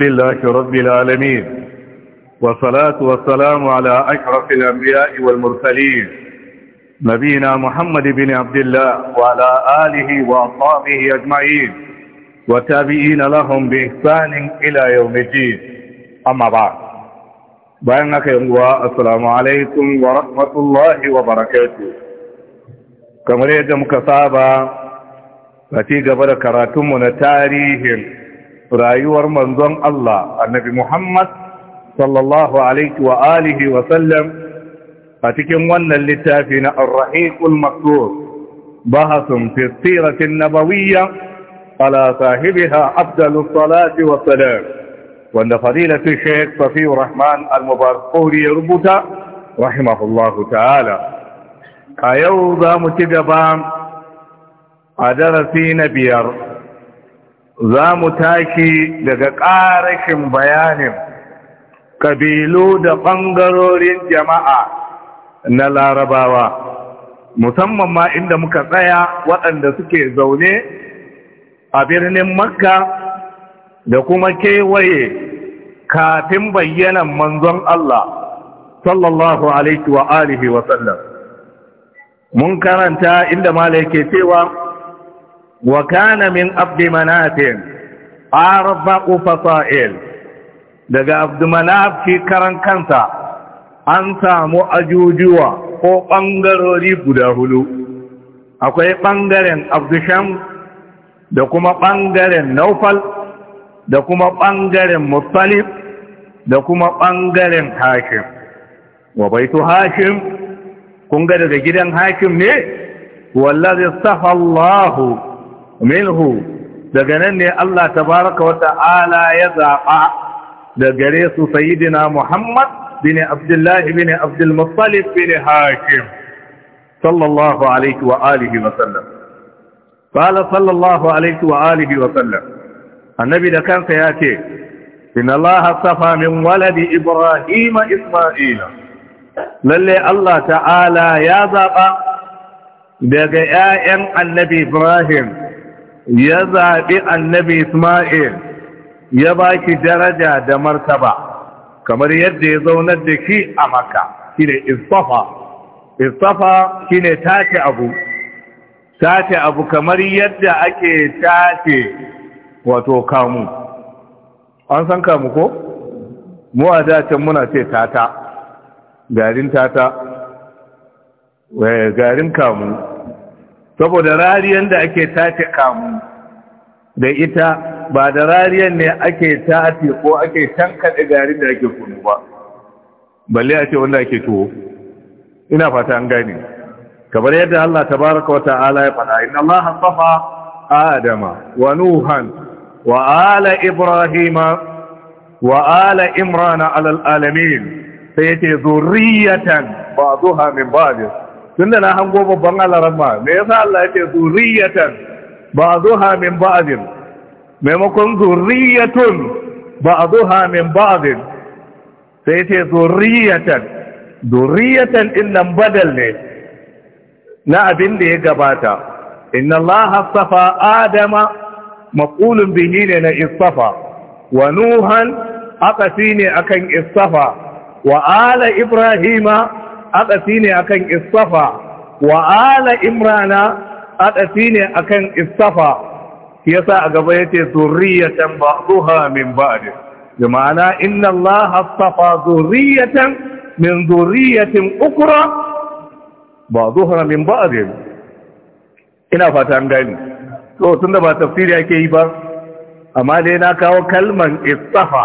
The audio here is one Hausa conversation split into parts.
لله رب العالمين والصلاة والسلام على أشرف الأنبياء والمرسلين نبينا محمد بن عبد الله وعلى آله وأصحابه أجمعين وتابعين لهم بإحسان إلى يوم الدين أما بعد بأنك ينقوى السلام عليكم ورحمة الله وبركاته كما يجب مكسابة فتيجة قبل كراتم تاريخ rayuwar manzon Allah annabi Muhammad sallallahu alaihi wa alihi wa sallam a cikin wannan littafi na Ar-Rahiqul Maktur bahasun fi siratin nabawiyya ala sahibiha afdalus salati wa salam wanda fadilatu shaykh Safi Rahman Al-Mubarakuri ya rubuta rahimahullahu ta'ala a yau za mu ci gaba a darasi na biyar za mu tashi daga ƙarashin bayanin ƙabilu da ɓangarorin jama'a na larabawa musamman ma inda muka tsaya waɗanda suke zaune a birnin makka da kuma kewaye kafin bayyanan manzon Allah sallallahu alaihi wa wa sallam mun karanta inda mala yake cewa وكان من عبد مناف daga abdumanaf shi karan kansa an samu ajujuwa ko ɓangarori guda hulu akwai ɓangaren abdusham da kuma ɓangaren naufal da kuma ɓangaren mustalif da kuma ɓangaren hashim wa baitu hashim Kunga daga gidan hashim ne wallazi safa Allahu minhu daga nan ne Allah tabaraka wa ta'ala ya zaba da gare su sayyidina Muhammad bin Abdullah bin Abdul Muttalib bin Hashim sallallahu alaihi wa alihi wa sallam qala sallallahu alaihi wa alihi wa sallam annabi da kansa ya ce inna Allah safa min waladi Ibrahim Isma'il. lalle Allah ta'ala ya zaba daga ƴaƴan annabi Ibrahim ya zaɓi annabi Ismail ya ba ki daraja da martaba kamar yadda ya zaunar da shi a maka shi ne istafa istafa shi ne tace abu tace abu kamar yadda ake tace wato kamu an san kamu ko? mu a dacin muna ce tata garin tata eh, garin kamu saboda rariyar da ake tace kamu da ita ba da rariya ne ake tace ko ake tankaɗe garin da ake kunu ba balle a ce wanda ake tuwo ina fata an gane kamar yadda Allah tabaraka wa ta'ala ya faɗa inna Allah safa adama wa nuhan wa ala ibrahima wa ala imrana alal alamin sai yace zurriyatan ba'daha min ba'd tun da na hango babban alarama me yasa Allah ya ce zuriyatan ba'dhuha min ba'din maimakon zuriyatun ba'dhuha min ba'din sai ce zuriyatan zuriyatan din nan badal ne na abin da ya gabata inna Allah astafa adama maqulun bihi ne na istafa wa nuhan aka ne akan istafa wa ala ibrahima A'dasi ne akan istafa wa ala imrana a'dasi ne akan istafa yasa a gaba yace zurriyatan ba'dha min ba'd jama'ana inna allah astafa zurriyatan min zurriyatin ukra ba'dha min ba'd ina fata an gani to tunda ba tafsiri ake yi ba amma dai na kawo kalman istafa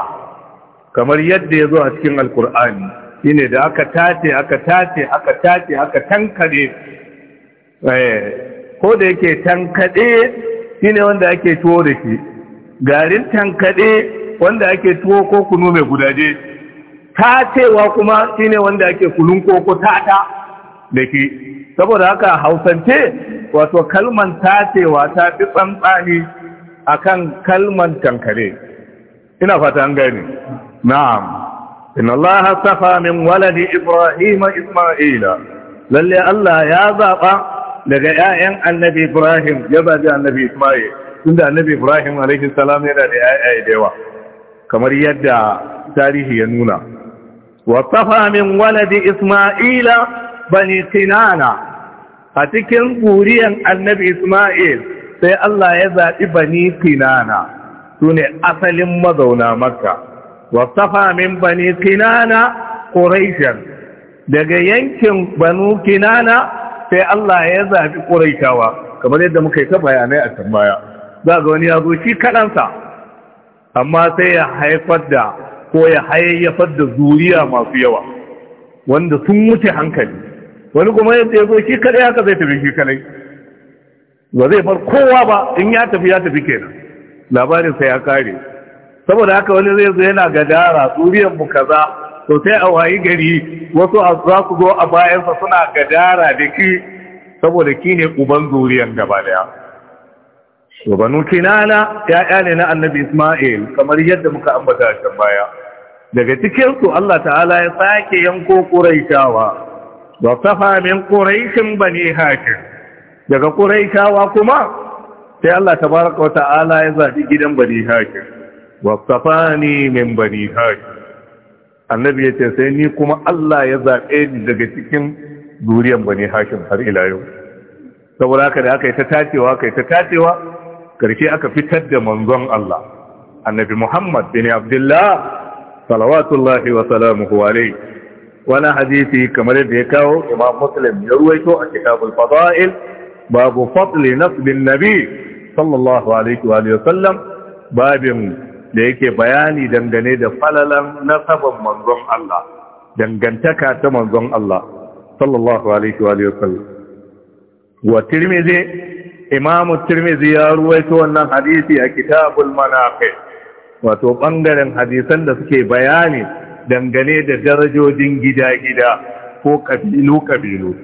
kamar yadda yazo a cikin alkur'ani shine da aka tace aka tace aka tace aka tankare eh, ko da yake tankade shine wanda ake tuwo da shi garin tankade wanda ake tuwo ko kunu mai gudaje tacewa kuma shine wanda ake kulun koko tata da shi saboda haka hausance wato kalman tacewa ta fi tsantsani akan kalman tankare ina fata an gani na'am inna Allah min waladi Ibrahim Isma'ila lalle Allah ya zaba daga 'ya'yan annabi Ibrahim ya zabi annabi Isma'il inda annabi Ibrahim alaihi salam yana da ƴaƴaye da yawa kamar yadda tarihi ya nuna wa min waladi Isma'ila bani Kinana a cikin zuriyan annabi Isma'il sai Allah ya zabi bani Su sune asalin mazauna Makka wasafa min bani kinana quraishan daga yankin banu kinana sai Allah ya zafi quraishawa kamar yadda muka yi ta bayanai a tambaya. baya za ga wani ya shi kadansa amma sai ya haifar da ko ya hayayyafar da zuriya masu yawa wanda sun wuce hankali wani kuma yadda ya zo shi kadai haka zai tafi shi kadai ba zai bar kowa ba in ya tafi ya tafi kenan labarin sai ya kare saboda haka wani zai zo yana gadara tsuriyan mu kaza to sai a wayi gari wasu za su zo a bayansa suna gadara da ki saboda ki ne uban zuriyar gaba daya to banu kinana ya'ya ne na annabi isma'il kamar yadda muka ambata a can baya daga cikin su Allah ta'ala ya sake yanko quraishawa wa safa min quraishin bani hakim daga quraishawa kuma sai Allah tabaraka wa ta'ala ya zabi gidan bani hakim wasafani min bani hari annabi ya ce sai ni kuma Allah ya zaɓe ni daga cikin zuriyar bani hashim har ila yau saboda haka da aka yi ta tacewa aka yi ta tacewa karshe aka fitar da manzon Allah annabi Muhammad bin Abdullah salawatullahi wa salamuhu alayhi wani hadisi kamar yadda ya kawo imam muslim ya ruwaito a kitabul fada'il babu fadli nasbin nabi sallallahu alaihi wa sallam babin da yake bayani dangane da falalan nasaban manzon Allah dangantaka ta manzon Allah sallallahu alaihi wa sallam wa tirmidhi imamu tirmidhi ya ruwaito wannan hadisi a kitabul manaqib wato bangaren hadisan da suke bayani dangane da darajojin gida-gida ko kabilu-kabilu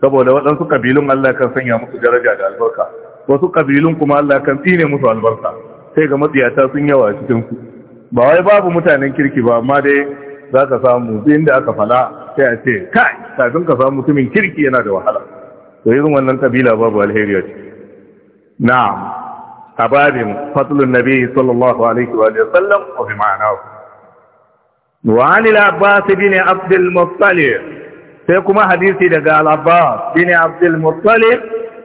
saboda waɗansu kabilun Allah kan sanya musu daraja da albarka wasu kabilun kuma Allah kan tsine musu albarka sai ga matsiyata sun yawa a cikin ku ba wai babu mutanen kirki ba amma dai za ka samu inda aka fala sai a ce kai kafin ka samu mutumin kirki yana da wahala to irin wannan kabila babu alheri a Na na'am a babin fatlun nabi sallallahu alaihi wa sallam wa bi ma'anahu wa anil abbas bin abdul muttalib sai kuma hadisi daga al'abbas shi ne abdulmuttalib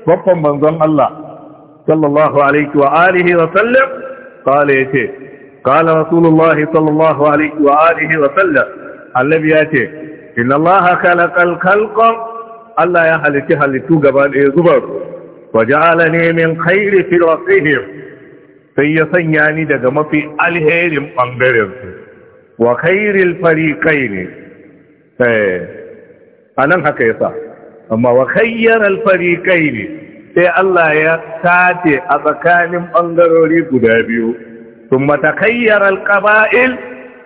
babban manzon Allah sallallahu alaihi wa alihi wa sallam qala yace qala rasulullahi sallallahu alaihi wa alihi wa sallam annabi yace inna allaha khalaqal khalqa Allah ya halitti halittu gaba ɗaya zubar wa ja'alani min khairi firasihim sai ya sanya ni daga mafi alherin bangaren su wa khairil fariqaini eh anan haka yasa amma wa khayyaral fariqaini sai Allah ya tace a tsakanin ɓangarori guda biyu sun matakayyar alƙaba'il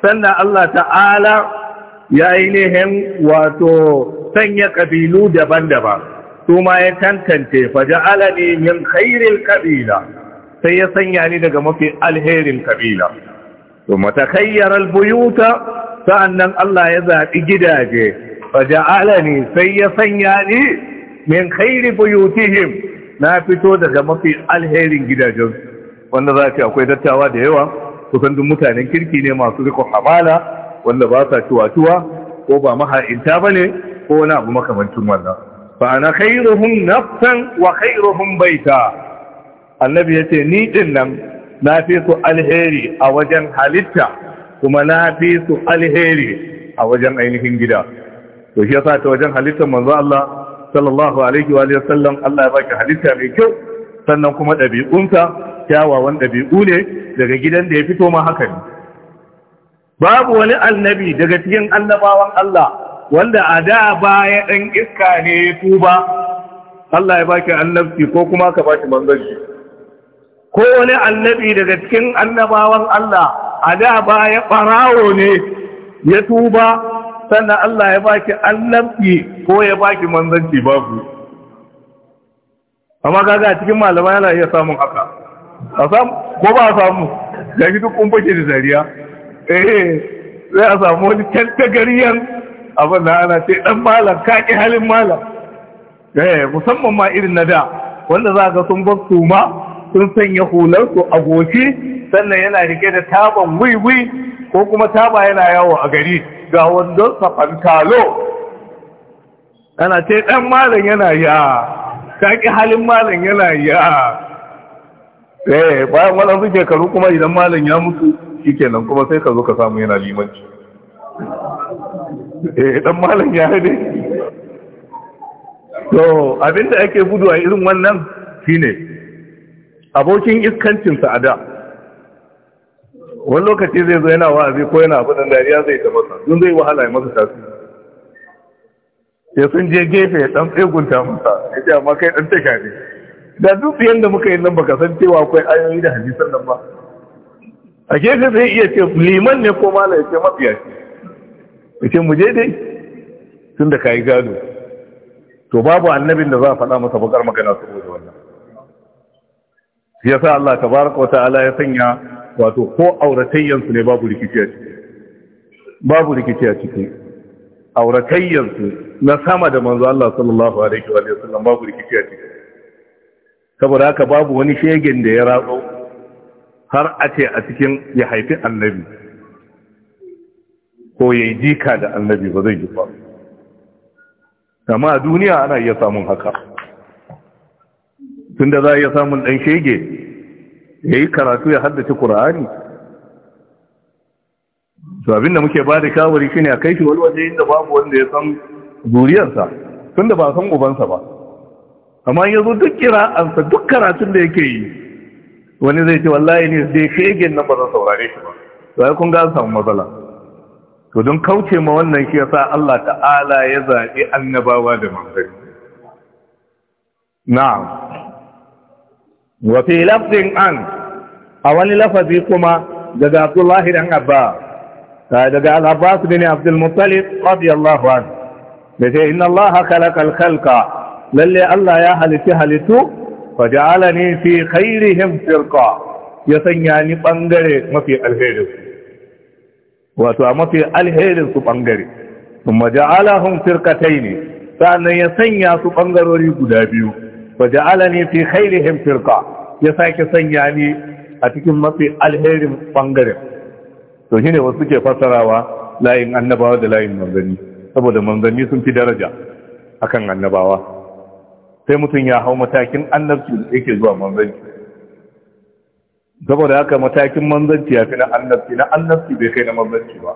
sannan Allah ta'ala ya yi nihin wato sanya ƙabilu daban-daban su ma ya tantance faja'ala ne min khairin ƙabila sai ya sanya ni daga mafi alherin ƙabila sun matakayyar albuyuta sa'annan Allah ya zaɓi gidaje faja'ala ne sai ya sanya ni min khairi buyutihim na fito daga mafi alherin gidajen wanda za ce akwai dattawa da yawa kusan duk mutanen kirki ne masu rikon hamala wanda ba sa tuwa-tuwa ko ba maha'inta ba ne ko wani abu makamancin wannan fa ana khairuhum nafsan wa khairuhum baita annabi yace ni din nan na fi su alheri a wajen halitta kuma na fi su alheri a wajen ainihin gida to shi yasa ta wajen halittar manzo Allah sallallahu alaihi wa sallam Allah ya baki halitta mai kyau sannan kuma ɗabi'unsa kyawawan ɗabi'u ne daga gidan da ya fito ma haka ne babu wani annabi daga cikin annabawan Allah wanda a da baya ɗan iska ne ya tuba Allah ya baki annabci ko kuma ka baki manzanci ko wani annabi daga cikin annabawan Allah a da baya ɓarawo ne ya tuba sannan Allah ya baki annabci ko ya baki manzanci babu amma kaga a cikin malamai yana iya samun haka a samu ko ba a samu ya duk kumfashe da dariya eh sai a samu wani tantagariyan abin da ana ce dan malam ka halin malam eh musamman ma irin na da wanda za ga sun bar ma sun sanya hularsu a goshi sannan yana rike da taban wiwi ko kuma taba yana yawo a gari ga wandonsa fantalo ana ce ɗan malam yana ya kaƙi halin malam yana ya eh bayan waɗansu shekaru kuma idan malam ya mutu shi kenan kuma sai ka zo ka samu yana limanci eh ɗan malam ya haɗe to abinda ake gudu a irin wannan shine abokin iskancin sa'ada. wani lokaci zai zo yana wa'azi ko yana abin da dariya zai ta masa don zai wahala ya masa tasiri ya sun je gefe ya dan tsegunta masa ya ce amma kai dan taka ne da dutsiyan da muka yi nan baka san cewa akwai ayoyi da hadisan nan ba a gefe sai iya ce liman ne ko mala ya ce mafiya ce ya ce mu je dai tun da kayi gado to babu annabin da za a faɗa masa bakar magana saboda wannan shi yasa Allah tabaraka wa ta'ala ya sanya wato ko auratayyansu ne babu rikici a ciki babu rikici a ciki auratayyansu na sama da manzo Allah sallallahu alaihi wa sallam babu rikici a ciki saboda haka babu wani shegen da ya ratso har a ce a cikin ya haifi annabi ko ya yi jika da annabi ba zai yi ba amma a duniya ana iya samun haka tunda za a iya samun ɗan shege ya yi karatu ya haddace ƙura'ani to abinda muke ba da shawari shine a kai shi wani waje inda babu wanda ya san zuriyarsa tunda ba san ubansa ba amma yanzu duk kira'ansa duk karatun da yake yi wani zai ce wallahi ne zai shegen nan ba zan saurare shi ba ai kun ga samu matsala to don kauce ma wannan shi yasa Allah ta'ala ya zaɓi annabawa da manzari na'am wa fi lafzin an a wani lafazi kuma daga Abdullahi dan Abba فهذا قال عباس بن عبد المطلب رضي الله عنه بس ان الله خلق الخلق للي الله يا هل تهلتو فجعلني في خيرهم فرقا يسنياني بانغري ما في الهير واتو ما في الهير سو بانغري ثم جعلهم فرقتين فان يسنيا سو بانغروري غدابيو فجعلني في خيرهم فرقا يسايك سنياني اتكم ما في الهير بانغري to shine wasu suke fassarawa layin annabawa da layin manzanni saboda manzanni sun fi daraja akan annabawa sai mutum ya hau matakin annabci da yake zuwa manzanni saboda haka matakin manzanci ya fi na annabci na annabci bai kai na manzanci ba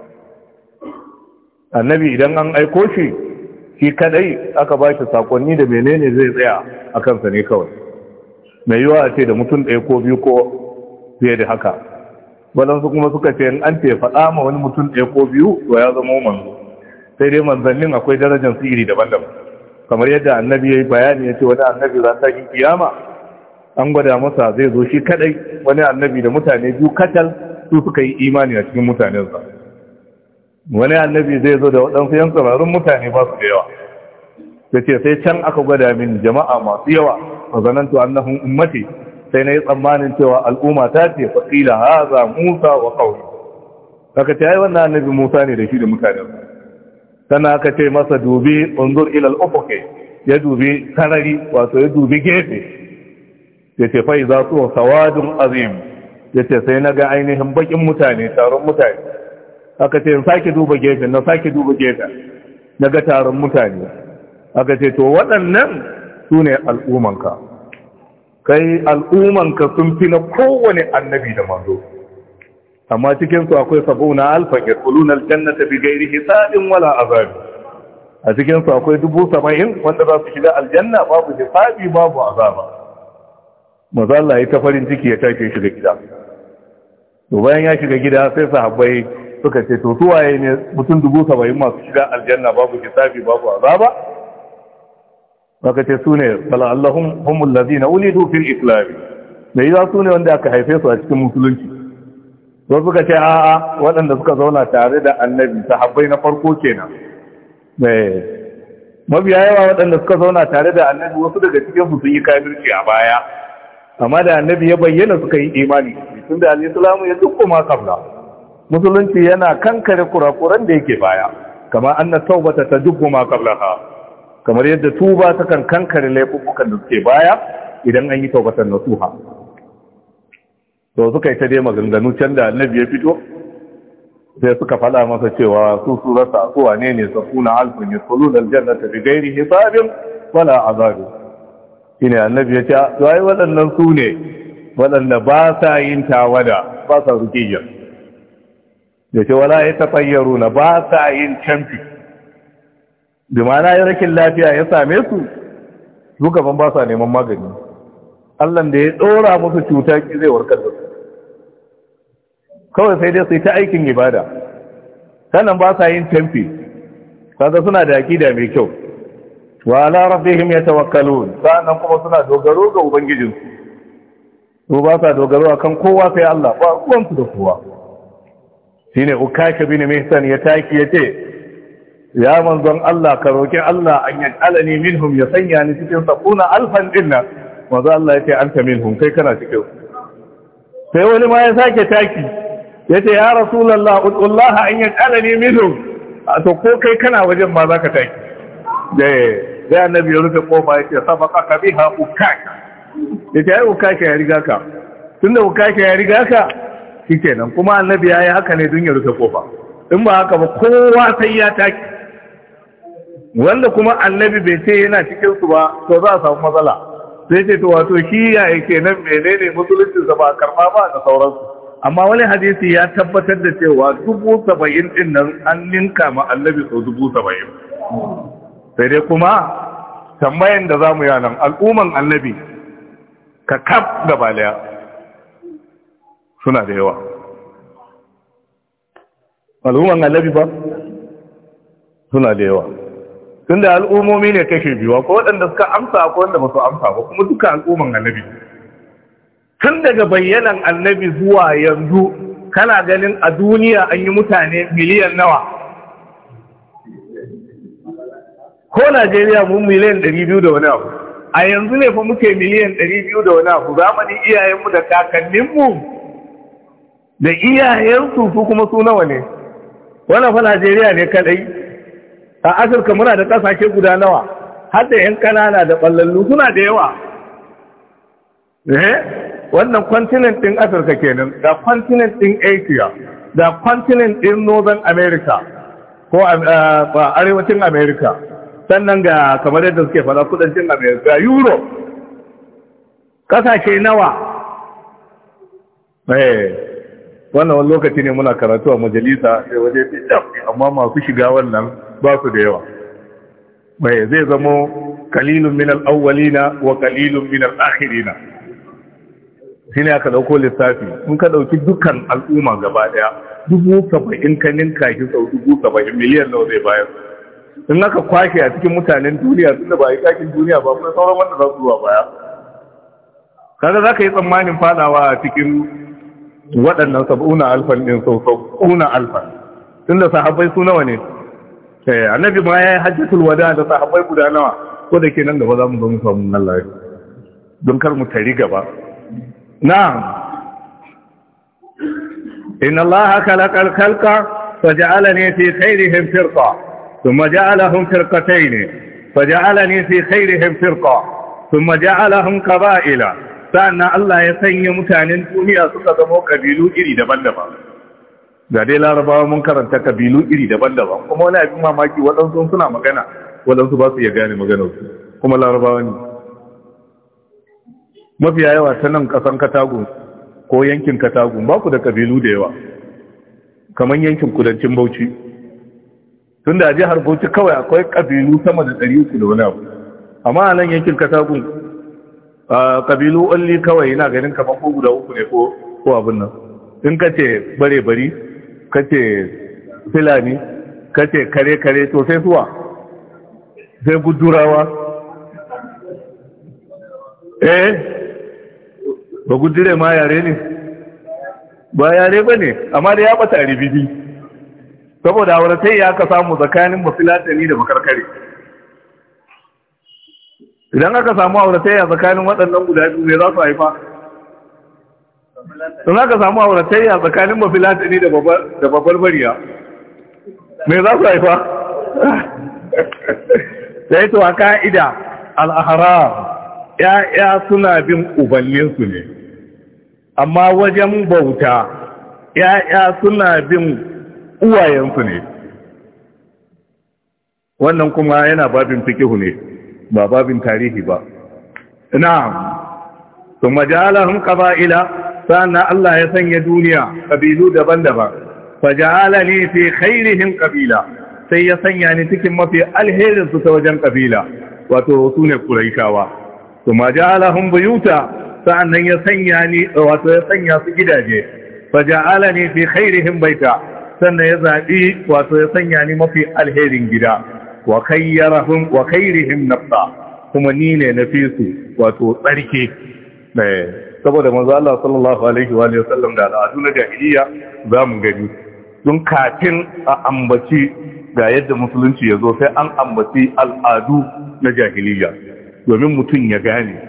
annabi idan an aiko shi shi kadai aka ba shi sakonni da menene zai tsaya a kansa ne kawai mai yiwa a ce da mutum ɗaya ko biyu ko fiye da haka waɗansu kuma suka ce an ce faɗa ma wani mutum ɗaya ko biyu to ya zama manzo sai dai manzannin akwai darajar su iri daban-daban kamar yadda annabi ya yi bayani ya ce wani annabi za ta yi kiyama an gwada masa zai zo shi kaɗai wani annabi da mutane biyu katal su suka yi imani a cikin mutanensa wani annabi zai zo da waɗansu yan tsararrun mutane ba su da yawa ya ce sai can aka gwada min jama'a masu yawa a zanen to annahun ummati sai na yi tsammanin cewa al'umma ta ce ha za musa wa ƙauri Haka ce ai wannan annabi musa ne da shi da mutane sannan aka ce masa dubi unzur ilal ufuke ya dubi sarari wato ya dubi gefe ya ce fai za su sawadun azim ya ce sai na ga ainihin bakin mutane taron mutane aka ce sake duba gefe na sake duba gefe na ga taron mutane aka ce to waɗannan su ne al'ummanka kai ka sun fi na kowane annabi da mazo amma cikinsu akwai sabuna alfa ya tsuluna aljannata bi gairi hisabin wala azabi a cikinsu akwai dubu saba'in wanda za su shiga aljanna babu hisabi babu azaba mazalla ya ta farin ciki ya tashi shiga gida to bayan ya shiga gida sai sahabbai suka ce to suwaye ne mutum dubu saba'in masu shiga aljanna babu hisabi babu azaba maka ce su ne bala'allahun allahun humul lazina ulidu fil islami da yi za su ne wanda aka haife su a cikin musulunci wasu suka ce a'a waɗanda suka zauna tare da annabi ta haɓai na farko kenan eh, mabiya yawa waɗanda suka zauna tare da annabi wasu daga cikin su sun yi kafirci a baya amma da annabi ya bayyana suka yi imani tun da alisalamu ya duk kuma kabla musulunci yana kankare kurakuran da yake baya kamar anna taubata ta duk kuma kabla ha kamar yadda tuba takan kankare laifukan da suke baya idan an yi na nasuha to suka yi ta dai maganganu can da annabi ya fito sai suka fada masa cewa su su rasa su wane ne sa kuna aljanna ta fi gairi, ghairi hisabin wala azab shine annabi ya ce to ai waɗannan su ne waɗanda ba sa yin tawada ba sa rukiyya ya ce wala ya tafayyaru na ba sa yin camfi da ma'ana ya rikin lafiya ya same su shugaban ba sa neman magani allan da ya ɗora musu cuta ki zai warkar da su kawai sai dai su yi ta aikin ibada sannan ba sa yin tamfi kaza suna da akida mai kyau wa ala rabbihim yatawakkalun sannan kuma suna dogaro ga ubangijinsu su ba sa dogaro akan kowa sai Allah ba su da kowa shine ukaka bin mihsan ya taki yace ya manzon Allah ka roki Allah an yaj'alani minhum ya sanya ni cikin sabuna alfan dinna manzon Allah yace anta minhum kai kana cikin sai wani ma ya sake taki yace ya rasulullah udullah an yaj'alani minhum to ko kai kana wajen ma zaka taki dai eh, dai annabi ya rufe kofa yace ka biha ukaka yace ai ukaka ya riga ka tunda ukaka ya riga ka shikenan kuma annabi yayi haka ne dun ya rufe kofa in ba haka ba kowa sai ya taki wanda kuma annabi bai ce yana cikin su ba to za a samu matsala sai ce to wato shi ya yake nan menene musulunci sa ba karba ba da sauransu amma wani hadisi ya tabbatar da cewa dubu saba'in din nan an ninka ma annabi sau dubu saba'in sai dai kuma tambayan da za mu yi nan al'umman annabi ka kaf da baliya suna da yawa al'umman annabi ba suna da yawa tunda al'ummomi ne kake biwa, ko waɗanda suka amsa ko wanda ba su amsa ba kuma duka al'umman annabi tun daga bayyanan annabi zuwa yanzu kana ganin a duniya an yi mutane miliyan nawa ko najeriya mun miliyan ɗari biyu da wani abu a yanzu ne fa muke miliyan ɗari biyu da wani abu zamani iyayenmu da kakanninmu da iyayensu su kuma su nawa ne wannan fa najeriya ne kadai a afirka muna da kasashe guda nawa har da 'yan kanana da ballallu suna da yawa eh, wannan continent ɗin afirka kenan da continent ɗin asia da continent ɗin northern america ko eh, a arewacin america sannan ga kamar yadda suke fara kudancin america europe kasashe nawa eh, wannan wani lokaci ne muna karatu a majalisa sai waje amma masu shiga wannan ba su da yawa mai zai zamo kalilun min al'awwalina wa kalilun min al'akhirina shi ne aka ɗauko lissafi in ka ɗauki dukkan al'umma gaba daya dubu saba'in ka ninka shi sau dubu saba'in miliyan nawa zai bayar in aka kwashe a cikin mutanen duniya tunda da ba yi kakin duniya ba kuma sauran wanda za su zuwa baya kaga za ka yi tsammanin fadawa a cikin waɗannan sab'una alfan ɗin sau sab'una alfan tun da sahabbai su nawa ne eh annabi ma yayi hajjatul wada da sahabbai guda nawa ko da ke nan gaba za mu zo mu samu Allah don kar mu tari gaba na'am inna Allah khalaqa al-khalqa faj'alani fi khayrihim firqa thumma ja'alahum firqatayn faj'alani fi khayrihim firqa thumma ja'alahum qaba'ila sannan Allah ya sanya mutanen duniya suka zama kabilu iri daban-daban Da dai larabawa mun karanta kabilu iri daban-daban kuma wani abin mamaki waɗansu suna magana waɗansu ba su iya gane maganarsu kuma larabawa ne mafiya yawa ta nan ƙasan katagun ko yankin katagun ba ku da kabilu da yawa kamar yankin kudancin bauchi tun da jihar bauchi kawai akwai kabilu sama da ɗari uku da wani abu amma a nan yankin katagun kabilu alli kawai yana ganin kamar ko guda uku ne ko abin nan in ka ce bare-bari kace filani kace kare kare to sai suwa sai gudurawa eh ba gudure ma yare ne ba yare ba ne amma da ya bata ribidi saboda sai ya ka samu tsakanin mafilatani da makarkare idan aka samu auratai a tsakanin waɗannan guda biyu ne za su haifa to za ka samu auratayya tsakanin mafilatani da babbar bariya me za su haifa da ya tuwa ka'ida al'aharar ya'ya suna bin ubanninsu ne amma wajen bauta ya'ya suna bin uwayensu ne wannan kuma yana babin fikihu ne ba babin tarihi ba na'am majalar جعلهم ila sannan Allah ya sanya duniya ƙabilu daban-daban faja'ala ni fi khairihim ƙabila, sai ya sanya ni cikin mafi alherinsu ta wajen ƙabila, wato su ne quraishawa kuma ja'alahum buyuta sa'annan ya sanya ni wato ya sanya su gidaje faja'ala ni fi khairihim baita sannan ya zaɓi wato ya sanya ni mafi alherin gida wa khayyarahum wa khairihim nafsa kuma ni ne na fi su wato tsarki eh saboda manzo Allah sallallahu alaihi wa sallam da al'adu na jahiliya za mu gani tun kafin a ambaci ga yadda musulunci ya zo sai an ambaci al'adu na jahiliya domin mutum ya gane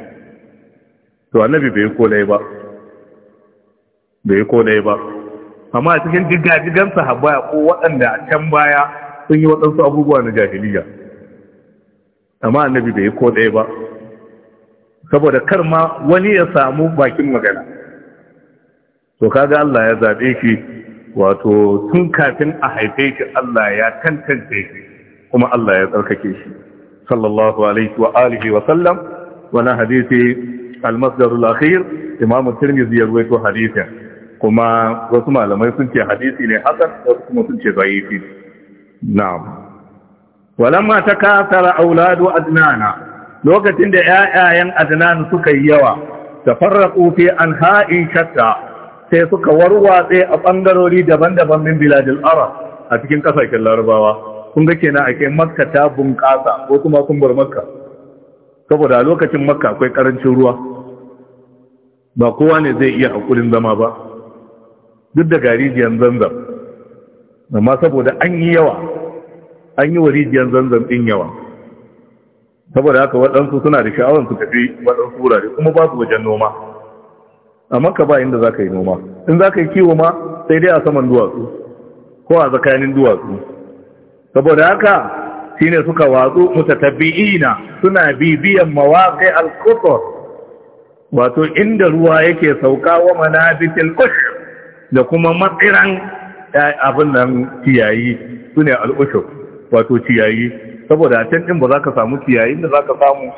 to annabi bai kolai ba bai kolai ba amma a cikin jigajigan sahabba ko waɗanda a can baya sun yi waɗansu abubuwa na jahiliya amma annabi bai kolai ba saboda kar ma wani ya samu bakin magana to kaga Allah ya zabe shi wato tun kafin a haife shi Allah ya tantance shi kuma Allah ya tsarkake shi sallallahu alaihi wa alihi wa sallam wannan hadisi al-masdar al-akhir imam at-tirmidhi ya rawaito hadisin kuma wasu malamai sun ce hadisi ne hasan wasu kuma sun ce da'ifi na'am walamma takasara auladu adnana lokacin da ƴaƴayen adnan suka yi yawa tafarraqu an ha'in shatta sai suka warwatse a bangarori daban-daban min biladil arab a cikin ƙasashen larabawa kun ga kenan ake makka ta bunƙasa ko kuma kun bar makka saboda a lokacin makka akwai karancin ruwa ba kowa ne zai iya hakurin zama ba duk da garijiyar zanzam amma saboda an yi yawa an yi wa rijiyar zanzam din yawa saboda haka waɗansu suna da sha'awar su tafi waɗansu wurare kuma ba su wajen noma amma ka ba inda za ka yi noma in za ka yi kiwo ma sai dai a saman duwatsu ko a tsakanin duwatsu saboda haka shi ne suka watsu mutatabi'ina suna bibiyan mawaƙai al wato inda ruwa yake sauka wa manabitil ƙush da kuma matsiran eh, abin nan ciyayi su ne ushur wato ciyayi saboda a can ɗin ba za ka samu ciyayin da za ka samu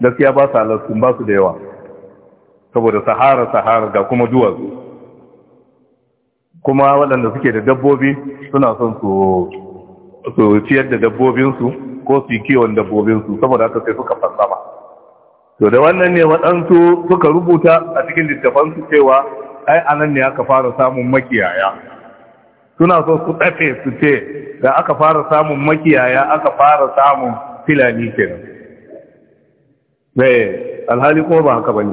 gaskiya ba su halaskun ba su da yawa saboda sahara sahara ga kuma duwatsu kuma waɗanda suke da dabbobi suna son su ciyar da dabbobinsu ko su yi kiwon dabbobinsu saboda haka sai suka fassama to da wannan ne waɗansu suka rubuta a cikin littafansu cewa ai anan ne aka fara samun makiyaya suna so su tsafe su ce da aka fara samun makiyaya aka fara samun filani kenan nan eh, alhali ko ba haka bane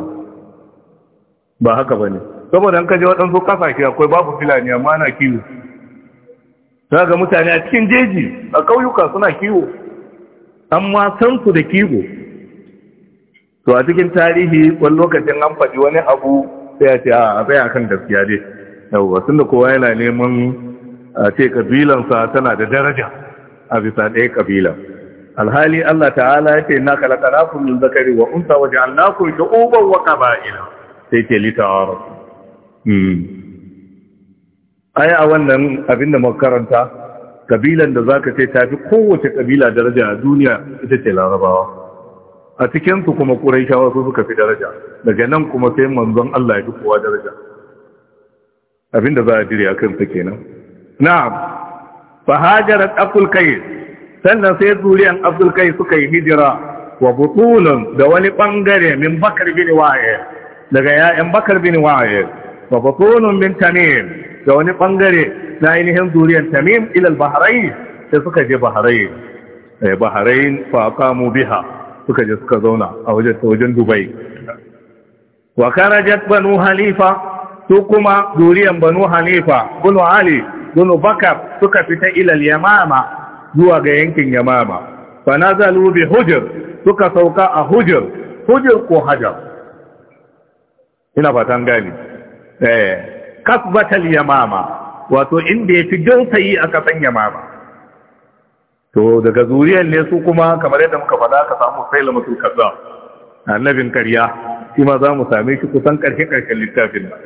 ba haka bane saboda an kaje waɗansu kasashe akwai babu filani amma ana kiwo za ga mutane a cikin jeji a ƙauyuka suna kiwo amma san su da kiwo to a cikin tarihi wani lokacin an faɗi wani abu sai a ce a tsaya kan gaskiya dai yawwa tunda kowa yana neman a ce kabilansa tana da daraja a bisa ɗaya kabila alhali Allah ta'ala ya ce na kalakarakum min zakari wa unsa wa ja'alnakum uban wa qaba'ila sai ce li ta'arafu mm ai a wannan abin da makaranta kabilan da za ka ce ta fi kowace kabila daraja a duniya ita ce larabawa a cikinsu kuma shawar su suka fi daraja daga nan kuma sai manzon Allah ya fi kowa daraja abinda za a jiri a kansa kenan na'am fa hajarat abdul qais sannan sai zuriyan abdul qais suka yi hijira wa butulun da wani bangare min bakar bin wa'il daga ya'yan bakar bin wa'il wa butulun min tamim da wani bangare na ainihin zuriyan tamim ila al-bahrain sai suka je bahrain eh bahrain fa qamu biha suka je suka zauna a wajen wajen dubai wa karajat banu halifa su kuma zuriyan banu halifa bunu ali bin bakar suka fita ilal yamama zuwa ga yankin yamama fa nazalu bi hujr suka sauka a hujr hujr ko hajar ina fatan gani eh kasbatal yamama wato inda yafi dausayi a kasan yamama to daga zuriyar ne su kuma kamar yadda muka faɗa ka samu musul kaza annabin karya shi ma za mu same shi kusan ƙarshe ƙarshen littafin nan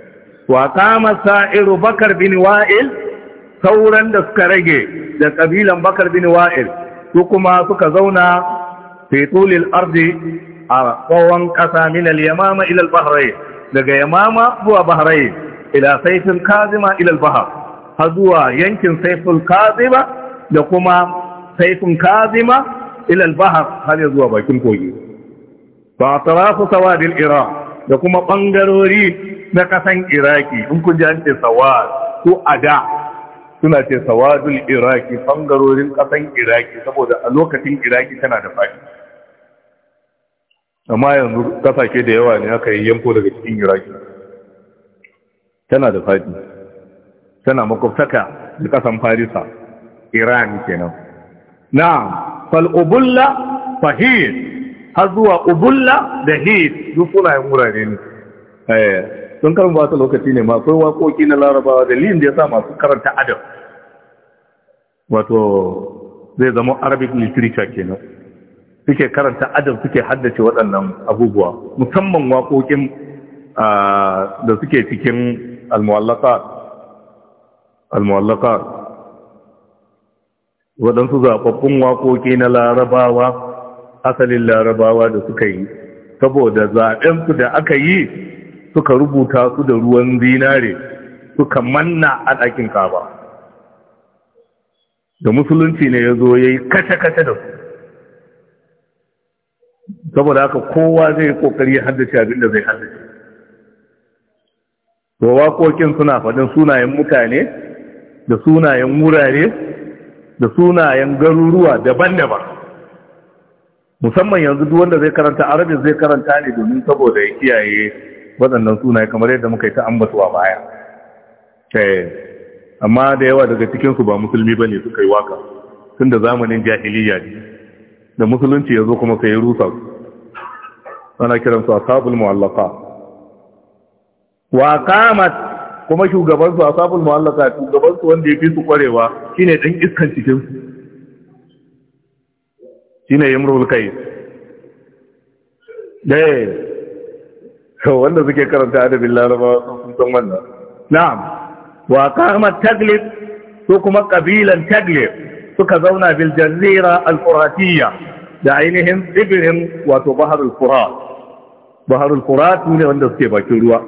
wa kama sa'iru bakar bin wa'il sauran da suka rage da kabilan bakar bin wa'il su kuma suka zauna fetulil arzi a tsawon ƙasa minal yamama ilal bahrain daga yamama zuwa bahrain ila saifin kazima ilal al har zuwa yankin saiful kazima da kuma saifin kazima ilal bahar bahr zuwa bakin kogi fa tarafu sawadil iraq da kuma ɓangarori na ƙasan iraki in ku ji an ce a da. suna ce sawadul iraki bangarorin kasan iraki saboda a lokacin iraki tana da fadi. amma yanzu kasashe da yawa ne aka yi yanko daga cikin iraki tana da fadi, tana makwabtaka da kasan farisa iran kenan na fal'ubulla fahid har zuwa ubulla da hid duk yin wurare ne sun eh. karin ba ta lokaci ne ma akwai waƙoƙi na larabawa dalilin da ya sa masu karanta adam wato zai zama arabic literature kenan suke karanta adam suke haddace waɗannan abubuwa musamman waƙoƙin da suke cikin almuwallaka waɗansu zaɓaɓɓun waƙoƙi na larabawa asalin larabawa da suka yi saboda zaɓensu da aka yi suka rubuta su da ruwan zinare suka manna a ɗakin kaba da musulunci ne ya zo ya yi kace-kace da su saboda haka kowa zai yi kokari haddace abin da zai haddace to waƙoƙin suna faɗin sunayen mutane da sunayen wurare da sunayen garuruwa daban-daban musamman yanzu duk wanda zai karanta arabin zai karanta ne domin saboda ya kiyaye waɗannan sunaye kamar yadda muka yi ta ambatuwa baya eh. amma da yawa daga cikinsu ba musulmi ba ne suka yi waka tun da zamanin jahiliya ne da musulunci ya zo kuma sai ya rusa su ana kiransu ashabul mu'allaka wa qamat kuma shugabansu ashabul mu'allaka shugabansu wanda ya fi su kwarewa shine dan iskan cikin su shine yamrul kai dai eh. to wanda suke karanta adabin laraba sun san wannan na'am wa kamar taglib su kuma ƙabilan taglib suka zauna bil jazira al-furatiyya da ainihin tsibirin wato baharul furat baharul furat ne wanda suke bakin ruwa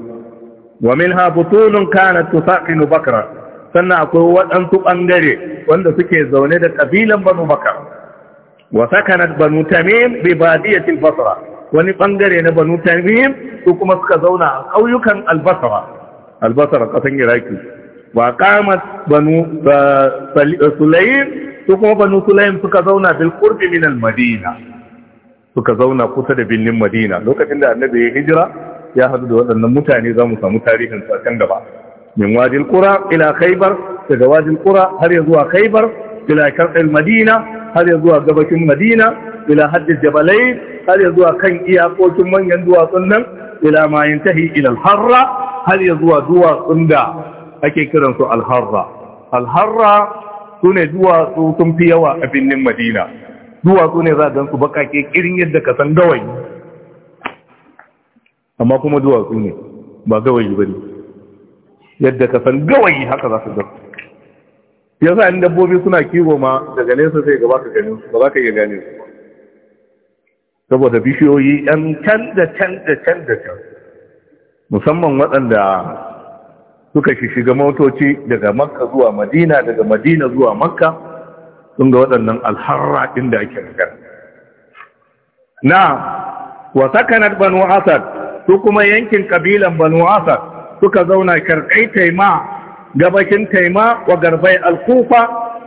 wa minha butunun kanat tusaqinu bakra sannan akwai waɗansu ɓangare wanda suke zaune da ƙabilan banu bakar wa sakanat banu tamim bi badiyatil basra wani ɓangare na banu tamim su kuma suka zauna a ƙauyukan albasara albasara ƙasan iraki wa qamat banu eh, banu sulaym suka zauna bil qurbi min suka zauna kusa da birnin madina lokacin da annabi ya hijira ya hadu da waɗannan mutane za mu samu tarihin su a can gaba min wajil ila Kaibar daga wajil qura har ya zuwa khaybar ila sharqil madina har ya zuwa gabashin madina ila haddil jabalai har ya zuwa kan iyakokin manyan duwatsun nan ila ma yantahi ila harra har ya zuwa duwatsun da ake kiransu alharra alharra su ne duwatsu sun fi yawa a binnin madina duwatsu ne za a gansu bakake kirin yadda ka san gawayi amma kuma duwatsu ne ba gawayi ba ne yadda ka san gawayi haka za su gansu ya sa yin dabbobi suna kiwo ma daga nesa sai gaba ka gani ba za ka iya gane su ba saboda bishiyoyi yan can da can da can da can musamman waɗanda suka shiga motoci daga makka zuwa madina daga madina zuwa makka sun ga waɗannan alharra inda ake rigar na wa sakanar banu asad su kuma yankin kabilan banu asad suka zauna karkai taima gabashin taima wa garbai alkufa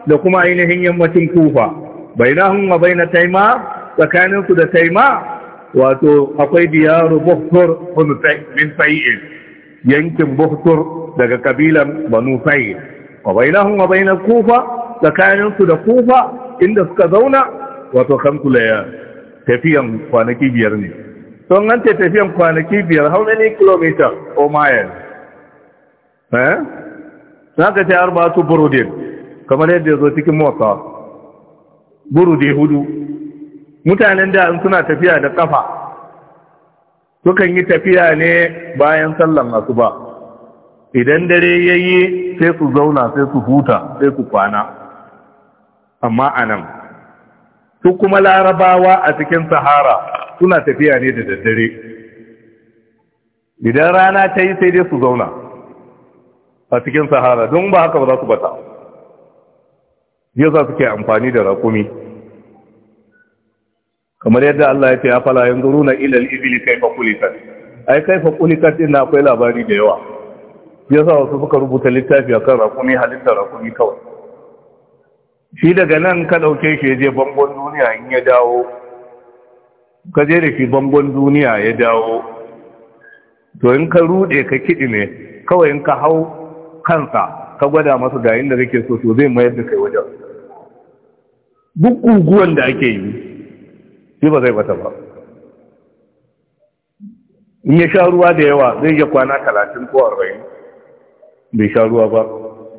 da kuma ainihin yammacin kufa bainahum wa baina taima tsakaninsu da taima wato akwai diyaru bukhtur min fai'in yankin buhtur daga kabilan banu sa'id wa bainahum wa bain kufa tsakanin su da kufa inda suka zauna wato kamsu laya tafiyan kwanaki biyar ne don an ce tafiyan kwanaki biyar how many kilometer or mile eh zaka ce Arbatu burudin kamar yadda yazo cikin motsa burudi hudu mutanen da suna tafiya da kafa sukan yi tafiya ne bayan sallan ba idan dare ya yi sai su zauna sai su huta sai su kwana amma a nan su kuma larabawa a cikin sahara suna tafiya ne da daddare idan rana ta yi sai dai su zauna a cikin sahara don ba haka ba za su bata yasa suke amfani da raƙumi. kamar yadda Allah ya ce ya fala yanzuruna ila ilal ibli kayfa kulikat ai kayfa kulikat din akwai labari da yawa yasa wasu suka rubuta littafi akan rakumi halittar rakumi kawai shi daga nan ka dauke shi je bangon duniya in ya dawo ka je da shi bangon duniya ya dawo to in ka rude ka kidi kawai in ka hau kansa ka gwada masa ga inda kake so to zai mayar da kai wajen duk guguwan da ake yi shi ba zai bata ba in ya sha ruwa da yawa zai iya kwana talatin ko arba'in bai sha ruwa ba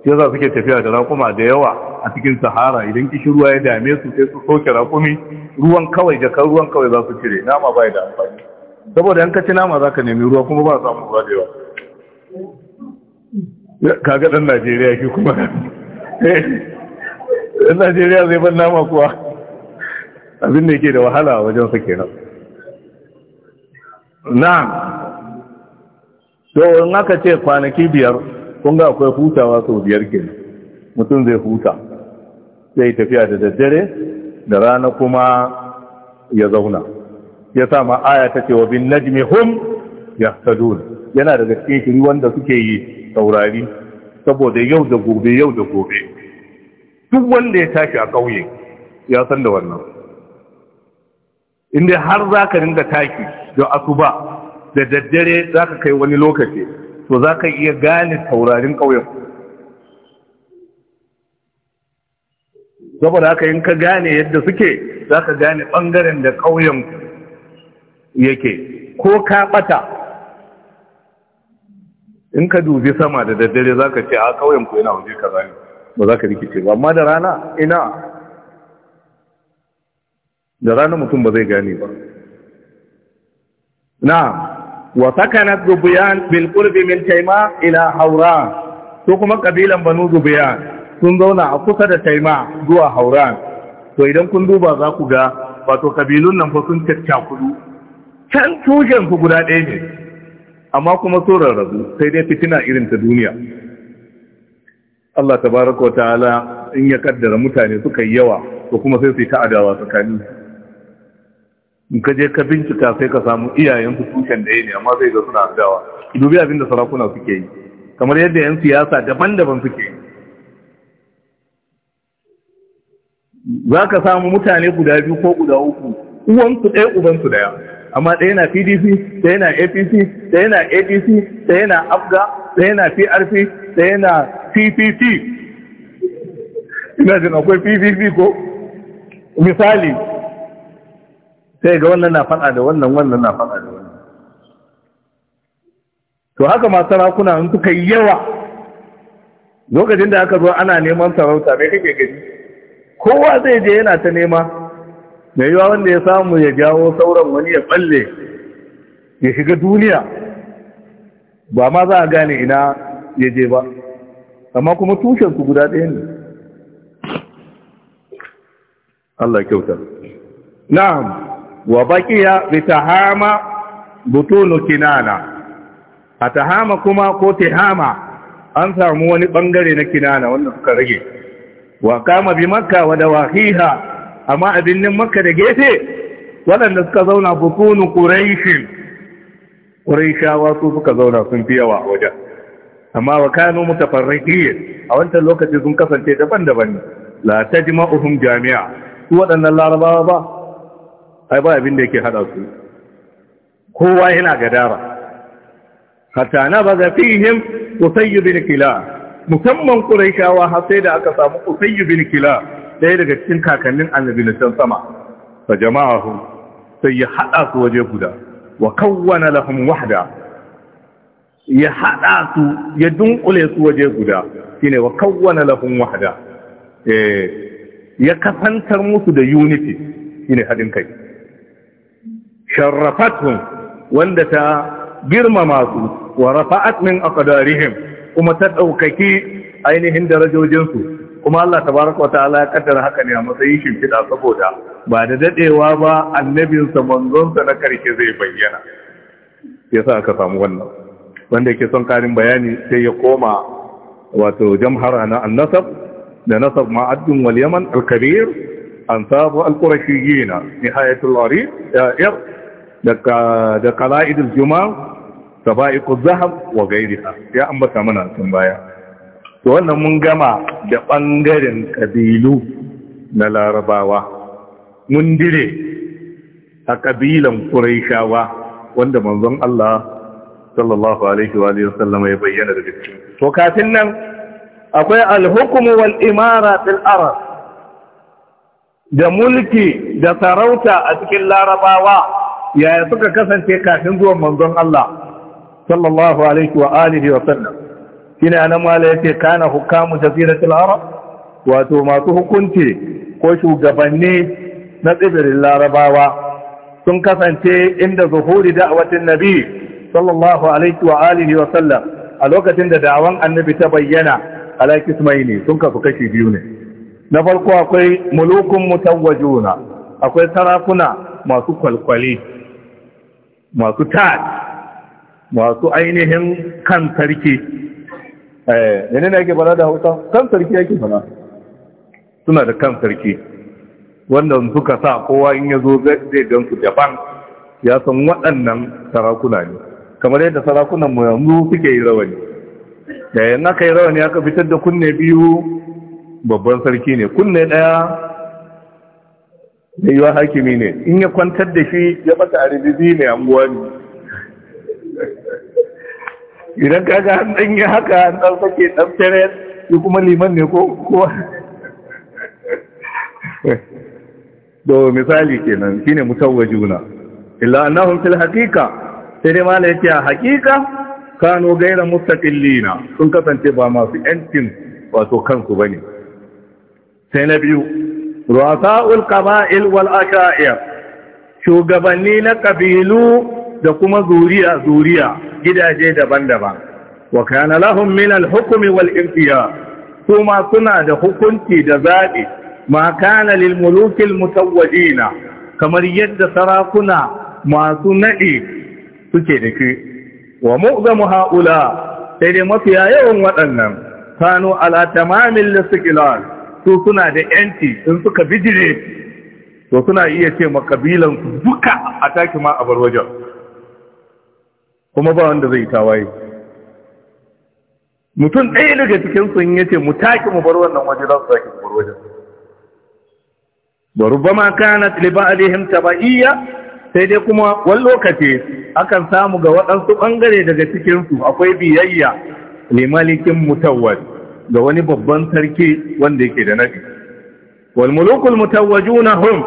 sai za suke tafiya da rakuma da yawa a cikin sahara idan kishi ruwa ya dame su sai su soke rakumi ruwan kawai jakar ruwan kawai za su cire nama ba da amfani saboda ka ci nama za ka nemi ruwa kuma ba samu ruwa da yawa kaga ɗan najeriya shi kuma ɗan najeriya zai ban nama kuwa abin da yake da wahala a wajen sa kenan na'am to in aka ce kwanaki biyar kun ga akwai hutawa sau biyar kenan mutum zai huta zai tafiya da daddare da rana kuma ya zauna ya sa ta ce wa bin najmi hum sadun yana daga cikin shiri wanda suke yi saurari saboda yau da gobe yau da gobe duk wanda ya tashi a ƙauye ya san da wannan inda har za ka rinda taki da asuba da daddare za ka kai wani lokaci to za ka iya gane taurarin ƙauyen saboda haka in ka gane yadda suke za ka gane ɓangaren da ƙauyen yake ko ka ɓata in ka dubi sama da daddare za ka ce a ƙauyen ku yana waje ka zane ba za ka rikice ba amma da rana ina da ranar mutum ba zai gane ba na wa sakana zubiyan bin qurbi min taima ila haura to kuma kabilan banu zubiyan sun zauna a kusa da taima zuwa haura to idan kun duba za ku ga wato kabilun nan fa sun kudu. can tushen ku guda ɗaya ne amma kuma sun rarrabu sai dai fitina irin ta duniya Allah tabaraka wa ta'ala in ya kaddara mutane suka yi yawa to kuma sai su yi ta'adawa su. in ka je ka bincika sai ka samu iyayen su tushen da ne amma zai ga suna dawa dubi abin da sarakuna suke yi kamar yadda yan siyasa daban-daban suke yi za ka samu mutane guda biyu ko guda uku uwansu ɗaya ubansu ɗaya amma ɗaya na pdp ɗaya na apc ɗaya na adc ɗaya na afga ɗaya na prp ɗaya na ppp ina jin akwai ppp ko misali sai ga wannan na faɗa da wannan wannan na faɗa da wannan to haka ma sarakuna in suka yi yawa lokacin da aka zo ana neman sarauta mai kake gani kowa zai je yana ta nema mai yiwa wanda ya samu ya jawo sauran wani ya balle ya shiga duniya ba ma za a gane ina ya je ba amma kuma tushensu guda ɗaya ne Allah kyauta na'am wa baqiya bi tahama butunu kinana a tahama kuma ko tahama an samu wani bangare na kinana wanda suka rage wa kama bi makka wa dawahiha amma a binnin makka da gefe waɗanda suka zauna butunu quraishin quraishawa su suka zauna sun fi yawa a wajen amma wa kanu mutafarriqin a wancan lokaci sun kasance daban-daban la tajma'uhum jami'a su waɗannan larabawa ba ai ba abin da yake hada su kowa yana gadara hatta na ba za fihim usayyu bin kila musamman quraishawa har sai da aka samu usayyu bin kila dai daga cikin kakannin annabi na can sama fa jama'ahu sai ya hada su waje guda wa kawwana lahum wahda ya hada su ya dunkule su waje guda shine wa kawwana lahum wahda eh ya kasantar musu da unity shine hadin kai sharrafatun wanda ta girmama su wa rafa'at min aqdarihim kuma ta daukaki ainihin darajojinsu kuma Allah tabaraka wa ta'ala ya kaddara haka ne a matsayin shimfiɗa saboda ba da dadewa ba annabinsa manzonsa na karshe zai bayyana yasa aka samu wannan wanda yake son karin bayani sai ya koma wato jamhara na annasab da nasab addu'n wal yaman al-kabir ansabu al-qurashiyyin nihayatul arif ya'ir da ƙara'idul juma saba'iku zahab wa gairiha ya ambata mana sun baya to wannan mun gama da ɓangaren ƙabilu na larabawa mun dire a ƙabilan ƙuraishawa wanda manzon Allah sallallahu alaihi wa sallam ya bayyana da cikin to kafin nan akwai alhukumu wal imara fil arab da mulki da sarauta a cikin larabawa yaya suka kasance kafin zuwan manzon Allah sallallahu alaihi wa alihi wa sallam Kina anan mala yace kana hukamu jaziratul arab wato masu hukunci ko shugabanni na tsibirin larabawa sun kasance inda zuhuri da'awatin nabi sallallahu alaihi wa alihi wa sallam a lokacin da da'awan annabi ta bayyana ala kismaini sun kasu kashi biyu ne na farko akwai mulukun mutawwajuna akwai sarakuna masu kwalkwale masu ta masu ainihin kan sarki eh ne ne ake da hausa kan sarki ake fara suna da kan sarki wanda suka sa kowa in yazo zo zai su daban ya san waɗannan sarakuna ne kamar yadda sarakunan mu yanzu suke yi rawani yayin aka yi rawani aka fitar da kunne biyu babban sarki ne kunne ɗaya da hakimi ne in ya kwantar da shi ya mata arizizi ne anguwa ne idan kaga an ya haka an sake dan ya kuma liman ne ko ko do misali kenan shine juna. illa annahum fil hakika sai dai mala yake a hakika kano gaira mustaqillina sun kasance ba masu yancin wato kansu ba ne, sai na biyu ruwasa'ul qaba'il wal asha'ir shugabanni na kabilu da kuma zuriya zuriya gidaje daban-daban wa kana lahum minal hukumi hukm wal irtiya kuma suna da hukunci da zaɓi ma kana lil muluki al kamar yadda sarakuna masu naɗi suke da shi wa mu'zamu haula sai dai mafiya yawan waɗannan kanu ala tamamil istiqlal su suna da yanci in suka bijire to suna iya ce ma kabilan su duka a taki ma a bar wajen kuma ba wanda zai tawaye mutum ɗaya daga cikin sun yace mu taki mu bar wannan waje za su taki mu bar wajen wa rubbama Liba, li ba'dihim tabaiyya sai dai kuma wani lokaci akan samu ga waɗansu ɓangare daga cikinsu akwai biyayya limalikin mutawwali ga wani babban sarki wanda yake da naɗi wal mulukul mutawwajuna hum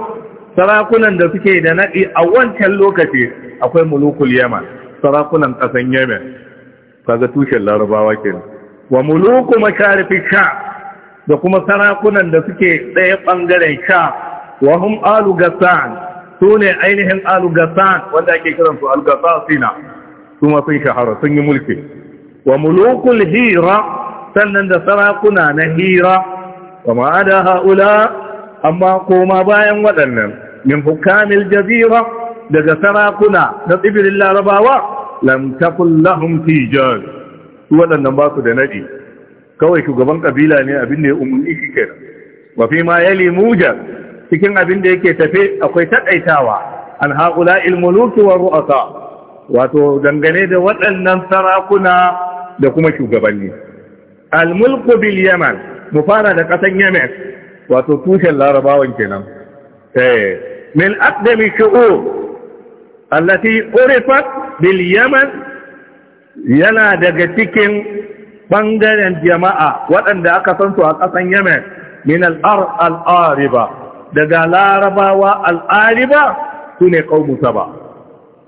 sarakunan da suke da naɗi a wancan lokaci akwai mulukul yaman sarakunan ƙasan yaman kaga tushen larabawa kenan wa muluku masharifi sha da kuma sarakunan da suke ɗaya ɓangaren sha wa hum alu gasan su ne ainihin alu gasan. wanda ake kiran su al gassasina su ma sun shahara sun yi mulki wa mulukul hira sannan da sarakuna na hira wa ma'ada ha'ula amma koma bayan waɗannan min hukamil jazira daga sarakuna na tsibirin larabawa lam takun lahum Su waɗannan ba su da naɗi kawai shugaban ƙabila ne abin da ya umarni shi ke wa fi ma yali muja. cikin abin da yake tafe akwai taɗaitawa an haƙula ilmuluki wa ru'asa wato dangane da waɗannan sarakuna da kuma shugabanni al-mulku bil yaman mu fara da ƙasan yamen. wato tushen larabawan kenan eh min aqdami shu'ub allati urifat bil yaman yana daga cikin bangaren jama'a waɗanda aka san su a ƙasan yamen. min al-ar al-ariba daga larabawa al-ariba sune qaumu saba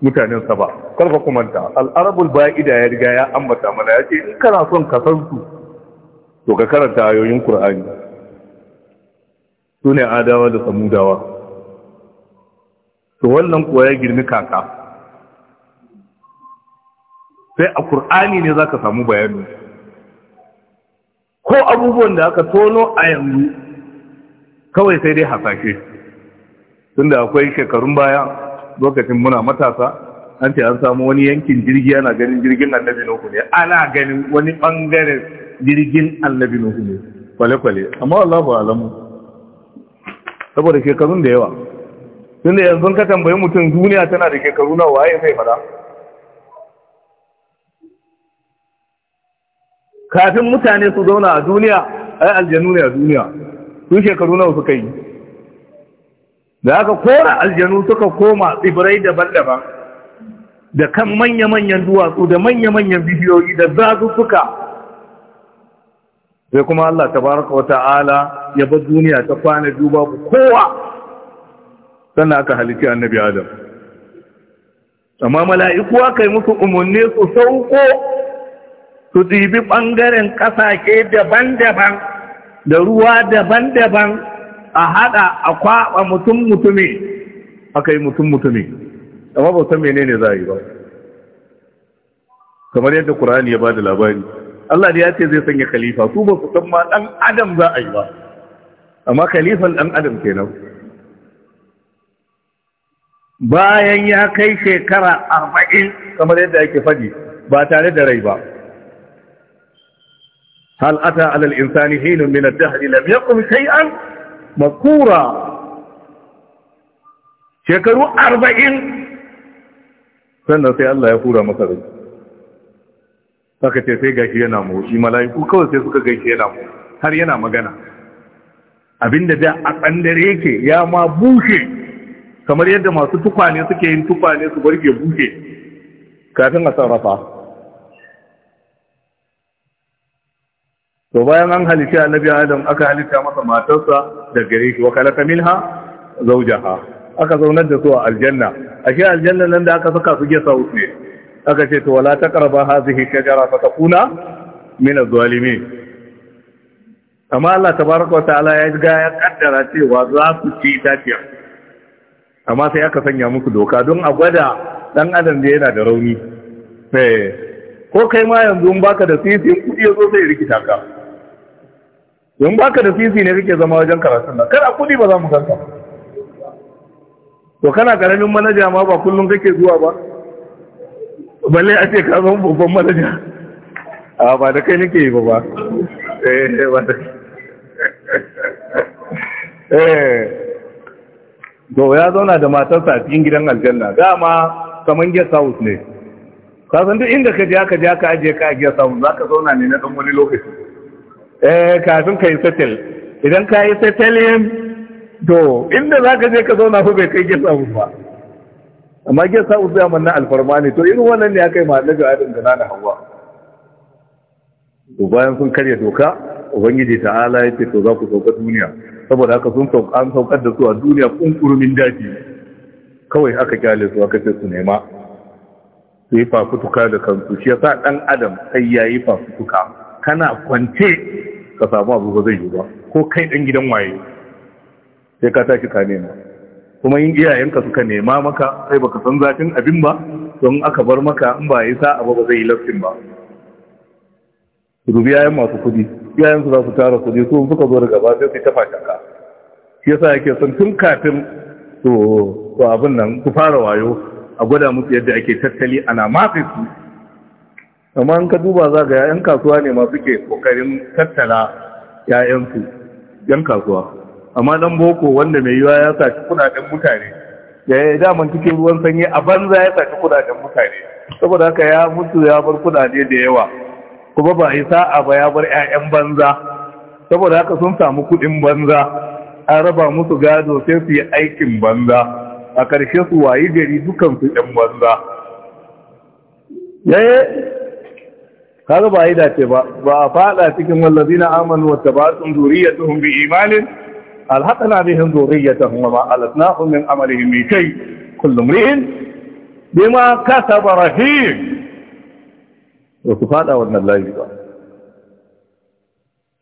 mutanen saba karfa ta al-arabul ba'ida ya riga ya ambata mana yace in kana son ka san su to ka karanta ayoyin Qur'ani sune adawa da samudawa to wannan kuwa ya girmi kaka sai a Kur'ani ne zaka samu bayani ko abubuwan da aka tono a yanzu kawai sai dai hasashe tunda akwai shekarun baya lokacin muna matasa an ce an samu wani yankin jirgi ana ganin jirgin da binoku ne ana ganin wani bangare jirgin annabi nuhu ne kwale-kwale amma wallahu alamu saboda shekarun da yawa tun da yanzu ka tambayi mutum duniya tana da shekaru na waye zai fada kafin mutane su zauna a duniya ai aljanu ne a duniya su shekaru nawa suka yi da aka kora aljanu suka koma tsibirai daban-daban da kan manya-manyan duwatsu da manya-manyan bidiyoyi da zazu suka sai kuma Allah tabaraka wa ta'ala ya bar duniya ta kwana duba babu kowa sannan aka halitti annabi adam amma mala'iku aka yi musu umarni su sauko su dibi ɓangaren ƙasashe daban-daban da ruwa daban-daban a hada a kwaɓa mutum-mutumi aka yi mutum-mutumi amma ba san menene za yi ba kamar yadda Qur'ani ya ba da labari Allah da ya ce zai sanya khalifa su ba su san ma dan adam za a yi ba amma khalifan dan adam kenan bayan ya kai shekara arba'in kamar yadda yake faɗi ba tare da rai ba hal ata ala al-insani hinun min ad-dahr lam yaqum shay'an makura shekaru arba'in sannan sai Allah ya kura masa rai saka ce sai gashi yana motsi mala'iku kawai sai suka gaishe yana motsi har yana magana abinda da a tsandare yake ya ma bushe kamar yadda masu tukwane suke yin tukwane su barge bushe kafin a sarrafa to bayan an halitta annabi adam aka halitta masa matarsa da gare shi wa minha zawjaha aka zaunar da su a aljanna ashe aljanna nan da aka saka su gesa wuce aka ce to wala taqrabu hadhihi shajara fatakuna min az-zalimin amma Allah tabaraka wa ta'ala ya ga ya kaddara cewa za su ci tafiya amma sai aka sanya muku doka don a gwada dan adam da yana da rauni eh ko kai ma yanzu in baka da sisi kudi yazo sai rikita ka in baka da sisi ne kake zama wajen karatun nan kada kudi ba za mu ganka to kana karamin manaja ma ba kullun kake zuwa ba balle a ce ka zama babban manaja a ba da kai nake yi ba ba eh ba da eh ya zauna da matarsa a cikin gidan aljanna dama kaman guest house ne ka san duk inda ka je ka je ka aje ka a guest house zaka zauna ne na dan wani lokaci eh kafin ka yi settle idan ka yi settling to inda zaka je ka zauna ko bai kai guest house ba amma ke sa uzu yaman na alfarma ne to irin wannan ne aka yi ma'adar da adam da na hawa to bayan sun karya doka ubangiji ta'ala ya ce to za ku sauka duniya saboda haka sun sauka an saukar da su a duniya kunkurumin daji kawai aka kyale su aka ce su nema su yi fafutuka da kansu shi yasa dan adam sai ya yi fafutuka kana kwance ka samu abu ba zai yi ba ko kai dan gidan waye sai ka tashi ka nema kuma yin iyayenka suka nema maka sai baka san zafin abin ba don aka bar maka in ba yi sa'a ba ba zai yi lafin ba dubi yayan masu kudi iyayensu su za su tara kudi su suka zo daga ba sai su tafa shaka shi yasa yake son tun kafin to to abin nan ku fara wayo a gwada musu yadda ake tattali ana matsi su amma in ka duba za ga yayan kasuwa ne masu ke kokarin tattala 'ya'yansu yan kasuwa amma dan boko wanda mai yiwa ya saci kudaden mutane ya yi daman cikin ruwan sanyi a banza ya saci kudaden mutane saboda haka ya mutu ya bar kudade da yawa kuma ba isa a ba ya bar 'ya'yan banza saboda haka sun samu kudin banza an raba musu gado sai su yi aikin banza a ƙarshe su wayi gari su 'yan banza kaga ba yi dace ba ba a faɗa cikin wallazina amanu zuri ya tuhun bi imanin alhaqna bihim dhurriyyatahum wa ma alatnahum min amalihim min shay kullu mri'in bima kasaba rahim to ku fada wannan layi ba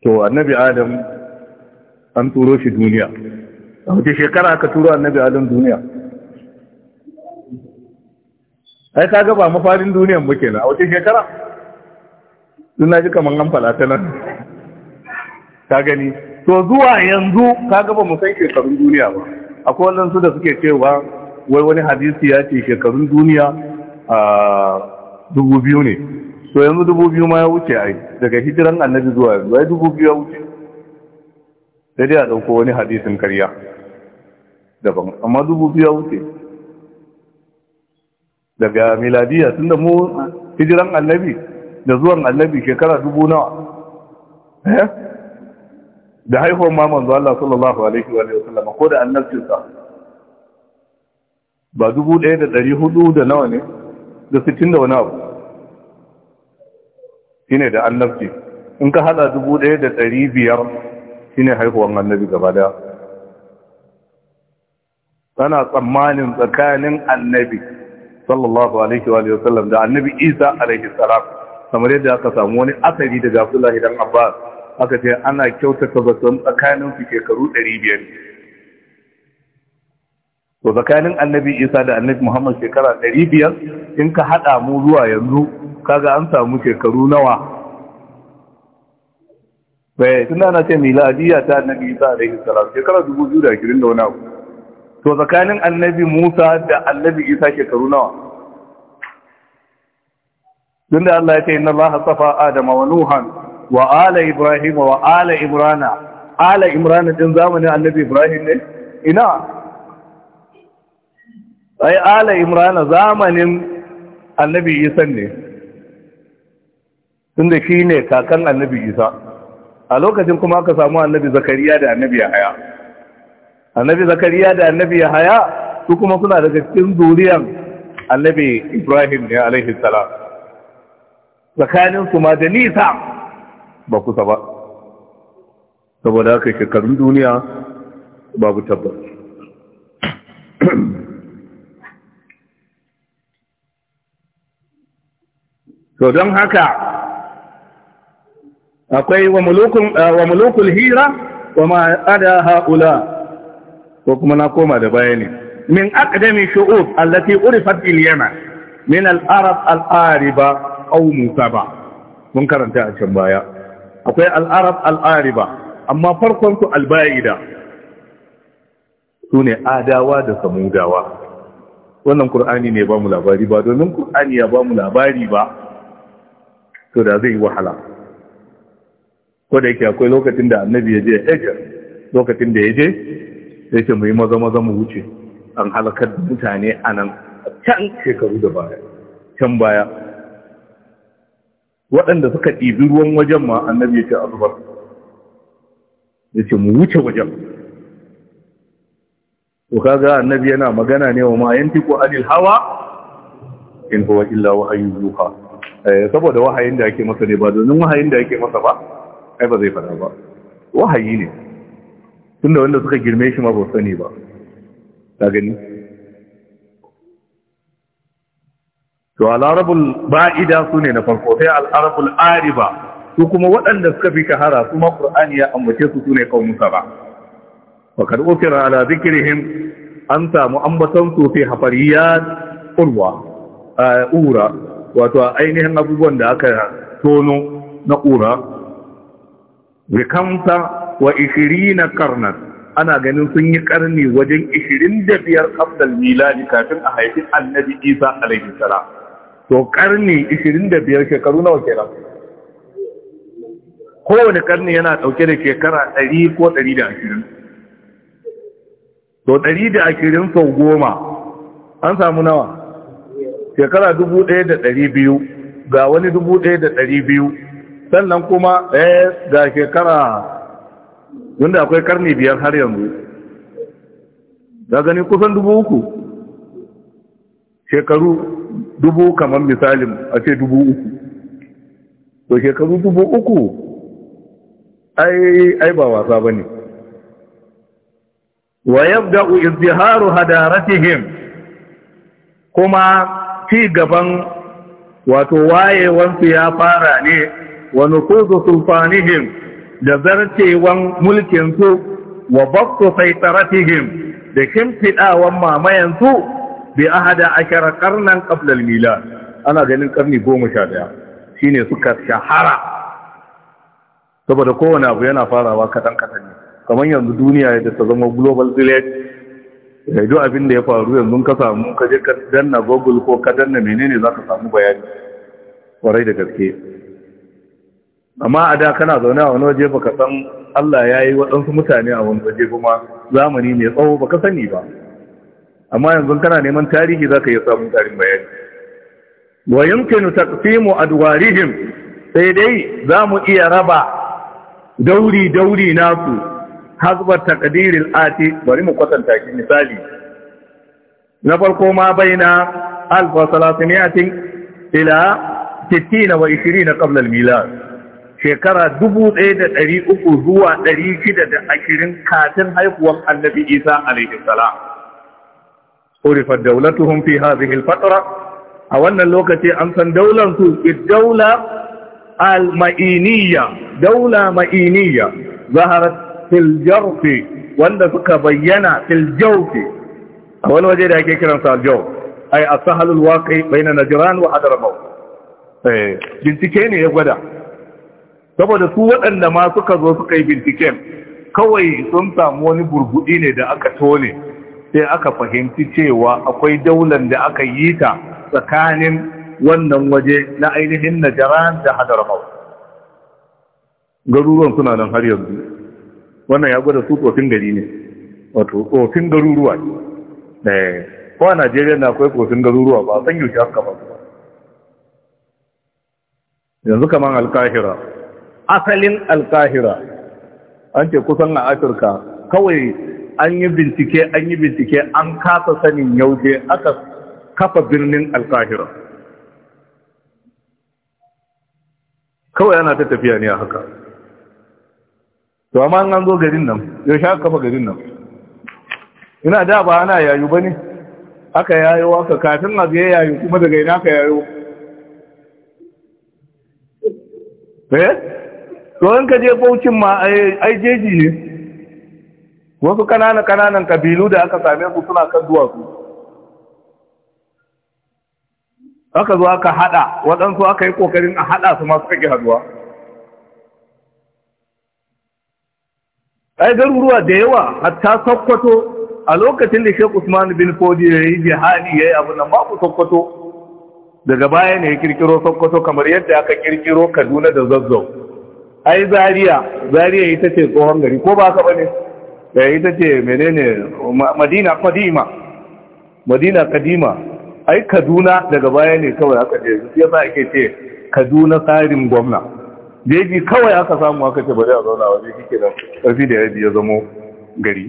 to annabi adam an turo shi duniya a wace shekara aka turo annabi adam duniya ai ka ga ba mafarin duniyan muke na a wace shekara suna ji kamar an falata nan ta gani to zuwa yanzu ka ba mu san shekarun duniya ba akwai wannan su da suke cewa wai wani hadisi ya ce shekarun duniya a dubu biyu ne to yanzu dubu biyu ma ya wuce ai daga hijiran annabi zuwa yanzu ai dubu biyu ya wuce sai dai a ɗauko wani hadisin karya daban amma dubu biyu ya wuce daga miladiya tun da mu hijiran annabi da zuwan annabi shekara dubu nawa eh da haihuwar ma manzo Allah sallallahu alaihi wa sallam ko da annabcinsa ba dubu ɗaya da ɗari hudu da nawa ne da sittin da wani abu shine da annabci in ka hada dubu ɗaya da ɗari biyar shi ne haihuwar annabi gaba daya tana tsammanin tsakanin annabi sallallahu alaihi wa sallam da annabi isa alaihi salam kamar yadda aka samu wani asali daga abdullahi dan abbas aka ce ana kyautata zaton tsakanin su shekaru 500 to tsakanin annabi isa da annabi muhammad shekara 500 in ka haɗa mu zuwa yanzu kaga an samu shekaru nawa bai eh, tun ana ce miladiya ta annabi isa alaihi salam shekara 2020 da wani abu to tsakanin annabi musa da annabi isa shekaru nawa Tun da Allah ya ce inna Allah safa Adama wa Nuhan wa ala ibrahim wa ala imrana ala imrana din zamanin annabi ibrahim ne ina ai ala imrana zamanin annabi isa ne tunda shi ne kakan annabi isa a lokacin kuma aka samu annabi zakariya da annabi yahaya annabi zakariya da annabi yahaya su kuma suna daga cikin zuriyar annabi ibrahim ne alaihi salam tsakanin su ma da nisa ba kusa ba saboda haka shekarun duniya babu tabbas to don haka akwai wa mulukul hira wa ma'ada ha'ula ko kuma na koma da bayani min akadami shu'ub allati urifat bil yaman min al-arab al-ariba aw musaba mun karanta a can baya akwai al'arab al'ariba amma farkon su alba'ida su adawa da samudawa wannan ƙur'ani ne ba mu labari ba domin ƙur'ani ya ba mu labari ba to da zai yi wahala ko da yake akwai lokacin da annabi ya je ejar lokacin da ya je ya ce mu maza maza mu wuce an halakar mutane a nan can shekaru da baya can baya waɗanda suka ɗibi ruwan wajen ma annabi ya ce a zubar ya ce mu wuce wajen to kaga annabi yana magana ne wa mayan tiko anil hawa in huwa illa wahayin yuha eh, saboda wahayin da yake masa ne ba domin wahayin da yake masa ba ai ba zai fada ba wahayi ne tunda wanda suka girme shi ma ba sani ba ta gani to al'arabul ba'ida su ne na farko sai al'arabul ariba su kuma waɗanda suka fi kahara su ma ƙur'ani ya ambace su su ne ƙaunusa ba wa karɓo ala an samu ambatan su fi hafariyar urwa ura wato ainihin abubuwan da aka tono na ura rikamta wa ishirina karnan ana ganin sun yi karni wajen 25 kafdal miladi kafin a haifi annabi isa alaihi salam to karni 25 shekaru nawa kenan kowane karni yana dauke da shekara 100 ko 120 to 120 sau goma an samu nawa shekara 1200 ga wani 1200 sannan kuma eh ga shekara wanda akwai karni biyar har yanzu ga gani kusan 3000 shekaru dubu kamar misalin a ce dubu uku to shekaru dubu uku ai ba wasa ba ne wa yabda izdiharu hadaratihim kuma ci gaban wato wayewansu ya fara ne wa nufuzu sulfanihim da zarcewan mulkinsu wa baktu saitaratihim da kimfidawan mamayansu bi ahada ashara qarnan qabla al ana ganin karni 11 shine suka shahara saboda kowane abu yana farawa kadan kadan ne kamar yanzu duniya da ta zama global village da eh, duk abin da ya faru yanzu ka samu ka je ka danna google ko ka danna menene zaka samu bayani kwarai da gaske amma a da kana zaune a wani waje baka san Allah ya yi waɗansu mutane a wani waje kuma zamani mai tsawo baka sani ba amma yanzu kana neman tarihi zaka yi samun tarin bayani wa yumkinu taqsimu adwarihim sai dai za mu iya raba dauri dauri nasu hasbar taqdiril ati bari mu kwatanta ki misali na farko ma baina alf wa salasimiyatin ila 60 wa 20 qabla al-milad shekara 1300 zuwa 620 kafin haihuwar annabi Isa alaihi salam urifat daulatuhum fi hadhihi al a wannan lokaci an san daular su daula al-ma'iniyya daula ma'iniyya zaharat fil jarfi wanda suka bayyana fil jawfi a wani waje da ake kiransa sa jawf ay as-sahal al-waqi bayna najran wa hadramaut eh bincike ne ya gwada saboda su waɗanda ma suka zo suka yi binciken kawai sun samu wani burbudi ne da aka tone sai aka fahimci cewa akwai daular da aka yi ta tsakanin wannan waje na ainihin najaran da hadarmaut garuruwan suna nan har yanzu wannan ya gwada su tsofin gari ne wato tsofin garuruwa ne eh, ko a najeriya na akwai tsofin garuruwa ba san yau haka ba yanzu kaman alkahira asalin alkahira an ce kusan a afirka kawai an yi bincike an yi bincike an kasa sanin yauje, aka kafa birnin alkahira kawai yana ta tafiya ne a haka to amma an zo garin nan yaushe aka kafa garin nan ina da ba ana yayu ba ne aka yayo aka kafin a zai yayu kuma daga ina aka yayo eh to in ka je baucin ma ai jeji ne wasu ƙananan kananan kabilu da aka same su suna kan duwatsu aka zuwa aka haɗa waɗansu aka yi ƙoƙarin a haɗasu, su masu ƙaƙi haduwa ai garuruwa da yawa hatta sokoto a lokacin da Sheikh Usman bin Fodi ya yi jihadi ya yi abin babu Sokoto daga baya ne ya kirkiro Sokoto kamar yadda aka kirkiro Kaduna da Zazzau ai Zaria Zariya ita ce tsohon gari ko ba ka bane da eh, ita ce menene madina kadima madina kadima ai kaduna daga baya ne kawai aka ce su yasa ake ce kaduna tsarin gwamna jeji kawai aka samu aka ce bari a zauna waje kike da karfi da yaji ya zamo gari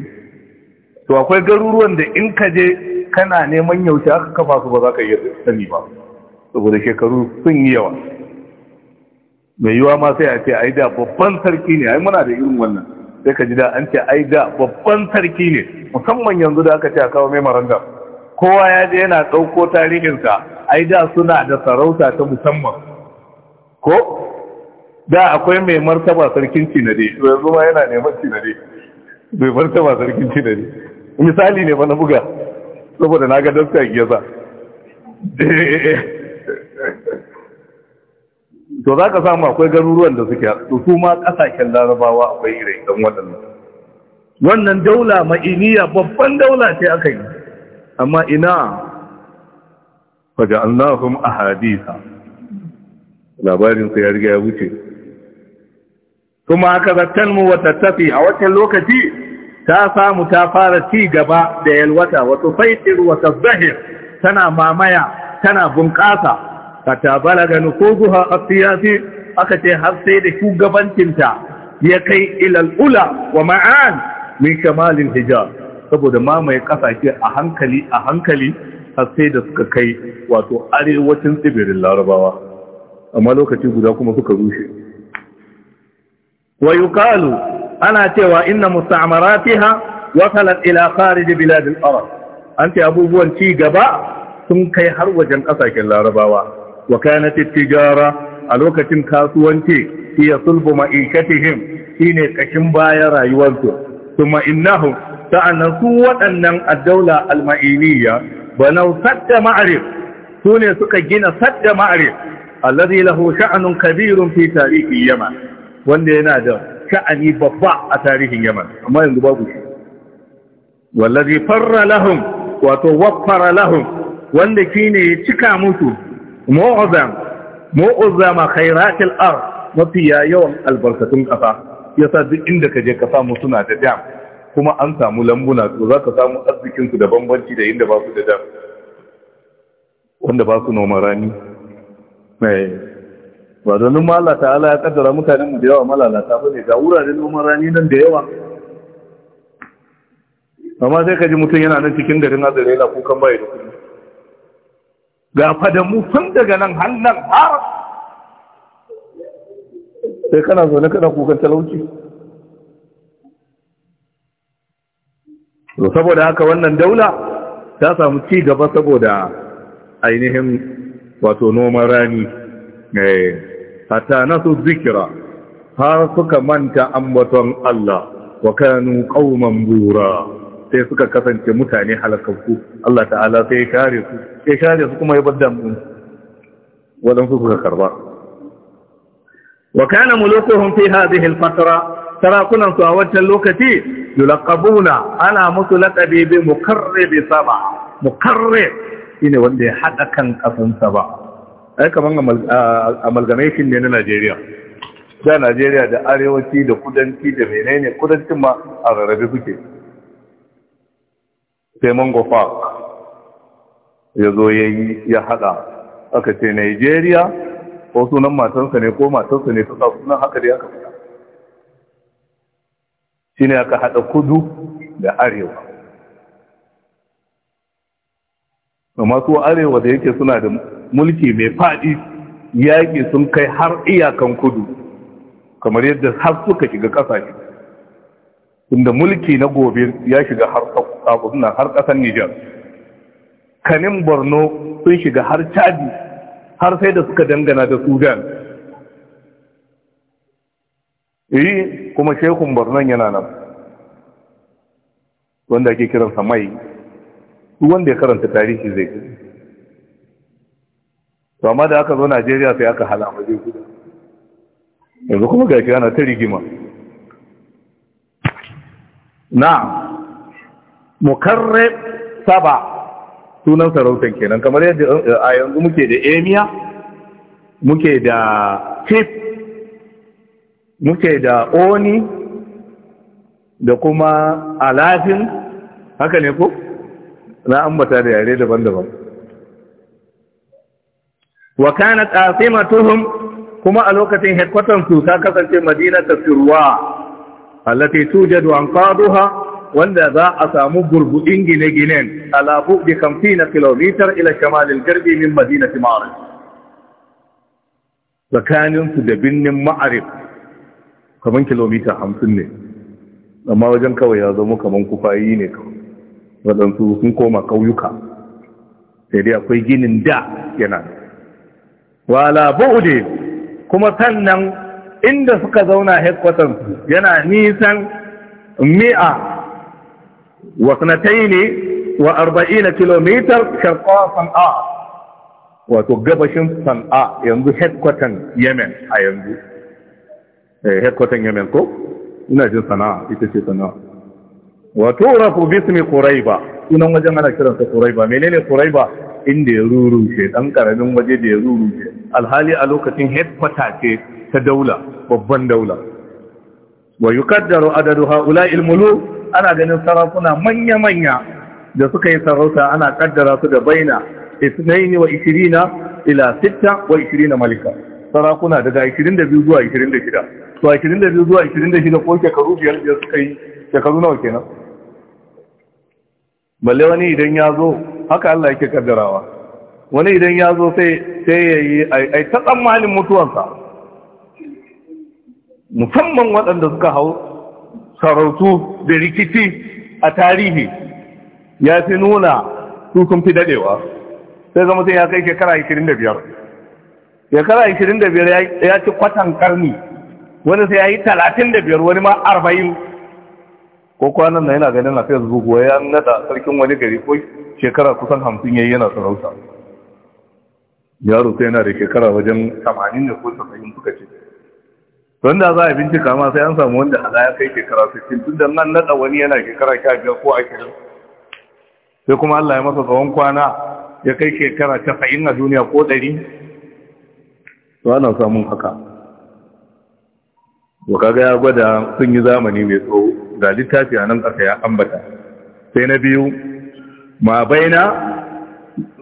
to akwai garuruwan da in ka je kana neman yaushe aka kafa su ba za ka iya sani ba saboda shekaru sun yi yawa mai yiwa ma sai a ce ai da babban sarki ne ai muna da irin wannan sai ka ji da an ce ai da babban sarki ne musamman yanzu da aka ce a kawo memorandum kowa ya je yana ɗauko tarihinsa ai da suna da sarauta ta musamman ko da akwai mai martaba sarkin cinade yanzu ma yana neman cinade mai martaba sarkin cinade misali ne ba na buga saboda na ga daskar geza to za ka samu akwai garuruwan da suke to su ma ƙasashen larabawa akwai irin ɗan waɗannan wannan daula ma'iniya babban daula ce aka yi amma ina faja allahun ahadisa labarinsa ya riga ya wuce kuma aka zartar mu wata tafi a wancan lokaci ta samu ta fara ci gaba da yalwata wato faitir wata zahir tana mamaya tana bunƙasa hatta balaga nukuzuha asiyasi aka ce har sai da shugabancinta ya kai ilal ula wa ma'an min shamalin hijab saboda mamaye kasashe a hankali a hankali har sai da suka kai wato arewacin tsibirin larabawa amma lokaci guda kuma suka rushe wa yuqalu ana cewa inna musta'maratiha wasalat ila kharij bilad al an ce abubuwan ci gaba sun kai har wajen ƙasashen larabawa wa kanat tijara a lokacin kasuwanci hiya sulbu ma'ikatihim shine ƙashin baya rayuwarsu kuma innahu sa'annan su waɗannan addaula Al-Ma'iniya banau sadda ma'arif su ne suka gina sadda ma'arif allazi lahu sha'anun kabirun fi tarihi yaman wanda yana da sha'ani babba a tarihin yaman amma yanzu babu shi wallazi farra lahum wato waffara lahum wanda shine ya cika musu mu'azam mu'azama khairatil ard mafiya yawan albarkatun kasa yasa duk inda ka je ka samu suna da dam kuma an samu lambuna to zaka samu arzikin su da bambanci da inda ba su da dam wanda ba su noma rani ba domin Allah ta'ala ya kaddara mutanen mu da yawa malalata bane ga wuraren noman rani nan da yawa amma sai ka ji mutum yana nan cikin garin azare la kukan bai da kuɗi ga fada mu tun daga nan hannun har sai kana zaune kana kukan talauci to saboda haka wannan daula ta samu ci gaba saboda ainihin wato noman rani eh, hatta nasu zikira har suka manta ambaton Allah wa kanu qauman bura sai suka kasance mutane halakakku Allah ta'ala sai ya kare su ya kare su kuma ya bar damu waɗansu suka karba wa kana mulukuhum fi hadhihi al-fatra sarakunan su a wancan lokaci yulaqabuna ana musu laqabi bi mukarrib saba mukarrib shine wanda ya hada kan kafin saba ai kaman amalgamation ne na Najeriya da Najeriya da arewaci da kudanci da menene kudancin ma a rarrabe kuke sai mango park ya zo ya yi ya haɗa aka ce nigeria ko sunan matarsa ne ko matarsa ne ta sunan haka da ya kafa shi ne aka haɗa kudu da arewa amma su arewa da yake suna da mulki mai faɗi yaƙi sun kai har iyakan kudu kamar yadda har suka shiga ƙasashe inda mulki na gobe ya shiga har ƙasar Nijar. Kanin Borno sun shiga har Chadi har sai da suka dangana da Sudan. Yi eh, kuma shekun Bornon yana nan, wanda ake kiransa mai, wanda ya karanta tarihi zai gudu. Rama da aka zo Najeriya sai aka hala maje Yanzu kuma gashi ana ta rigima. na'am mukarrab saba sunan sarautan kenan kamar yadda eh, a yanzu muke da emiya muke da chief muke da oni da kuma alafin haka ne ko na ambata da yare daban-daban wa kanat asimatuhum kuma a lokacin headquarters su ta kasance madinatu sirwa allati tujadu anqaduha wanda za a samu gurbuɗin gine-ginen al'abu ala kamfi na kilomitar ila shamalin garbi min madinati ma'arif tsakaninsu da birnin ma'arif kaman kilomita hamsin ne amma wajen kawai ya zama kaman kufayi ne kawai waɗansu sun koma ƙauyuka sai dai akwai ginin da yana wala buɗe kuma sannan inda suka zauna headquartersu yana nisan mi'a wa sanataini wa arba'ina kilomitar sharqa san'a wato gabashin san'a yanzu hekwatan yemen a yanzu eh, hekwatan yemen ko ina jin sana'a ita ce sana'a wato rafu bismi quraiba sunan wajen ana kiransa quraiba menene quraiba inda ya rurushe dan karamin waje da ya rurushe alhali a lokacin hekwata ce ta daula babban daula wa yukaddaru adadu haula ilmulu ana ganin sarakuna manya-manya da suka yi sarauta ana kaddara su da baina 22 wa ishirina ila sitta wa ishirina malika sarakuna daga 22 zuwa 26 to 22 zuwa 26 ko shekaru biyar da suka yi shekaru nawa kenan balle wani idan ya zo haka Allah yake kaddarawa wani idan ya zo sai sai yayi ai ta tsammanin mutuwarsa musamman waɗanda suka hau sarautu da rikici a tarihi ya fi nuna su sun fi daɗewa sai zama sai ya kai shekara 25 shekara 25 ya ci kwatan karni wani sai ya yi 35 wani ma 40 ko kwanan na yana ganin na facebook wai ya nada sarkin wani gari ko shekara kusan 50 yayi yana sarauta yaro sai yana da shekara wajen 80 ne ko 70 suka ce don da za a bincika ma sai an samu wanda ala ya kai shekara 60 tun da nan naɗa wani yana shekara 15 ko 20 sai kuma Allah ya masa tsawon kwana ya kai shekara 90 a duniya ko 100 to ana samun haka to kaga ya gwada sun yi zamani mai tsawo ga littafi a nan ƙasa ya ambata sai na biyu ma baina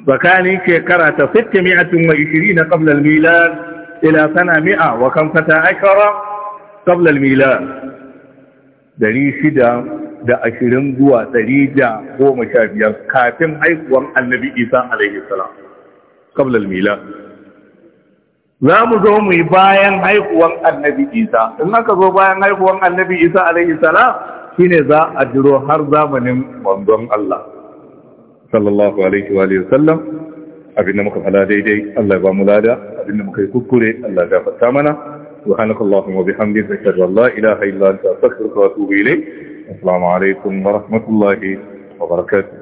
tsakanin shekara ta 620 na qabla al-milad ila sana mi'a wa kan fata aikara qabla al-milad dari shida da ashirin zuwa dari biyar kafin haihuwar annabi isa alaihi salam qabla za mu zo mu yi bayan haihuwar annabi isa in aka zo bayan haihuwar annabi isa alaihi Shi ne za a jiro har zamanin manzon Allah sallallahu alaihi wa sallam abinda muka bala daidai Allah ya ba mu lada abinda muka yi kukure Allah ya fata mana subhanaka allahumma bihamdika ashhadu an la ilaha illa anta wa atubu ilayk assalamu alaikum wa rahmatullahi wa barakatuh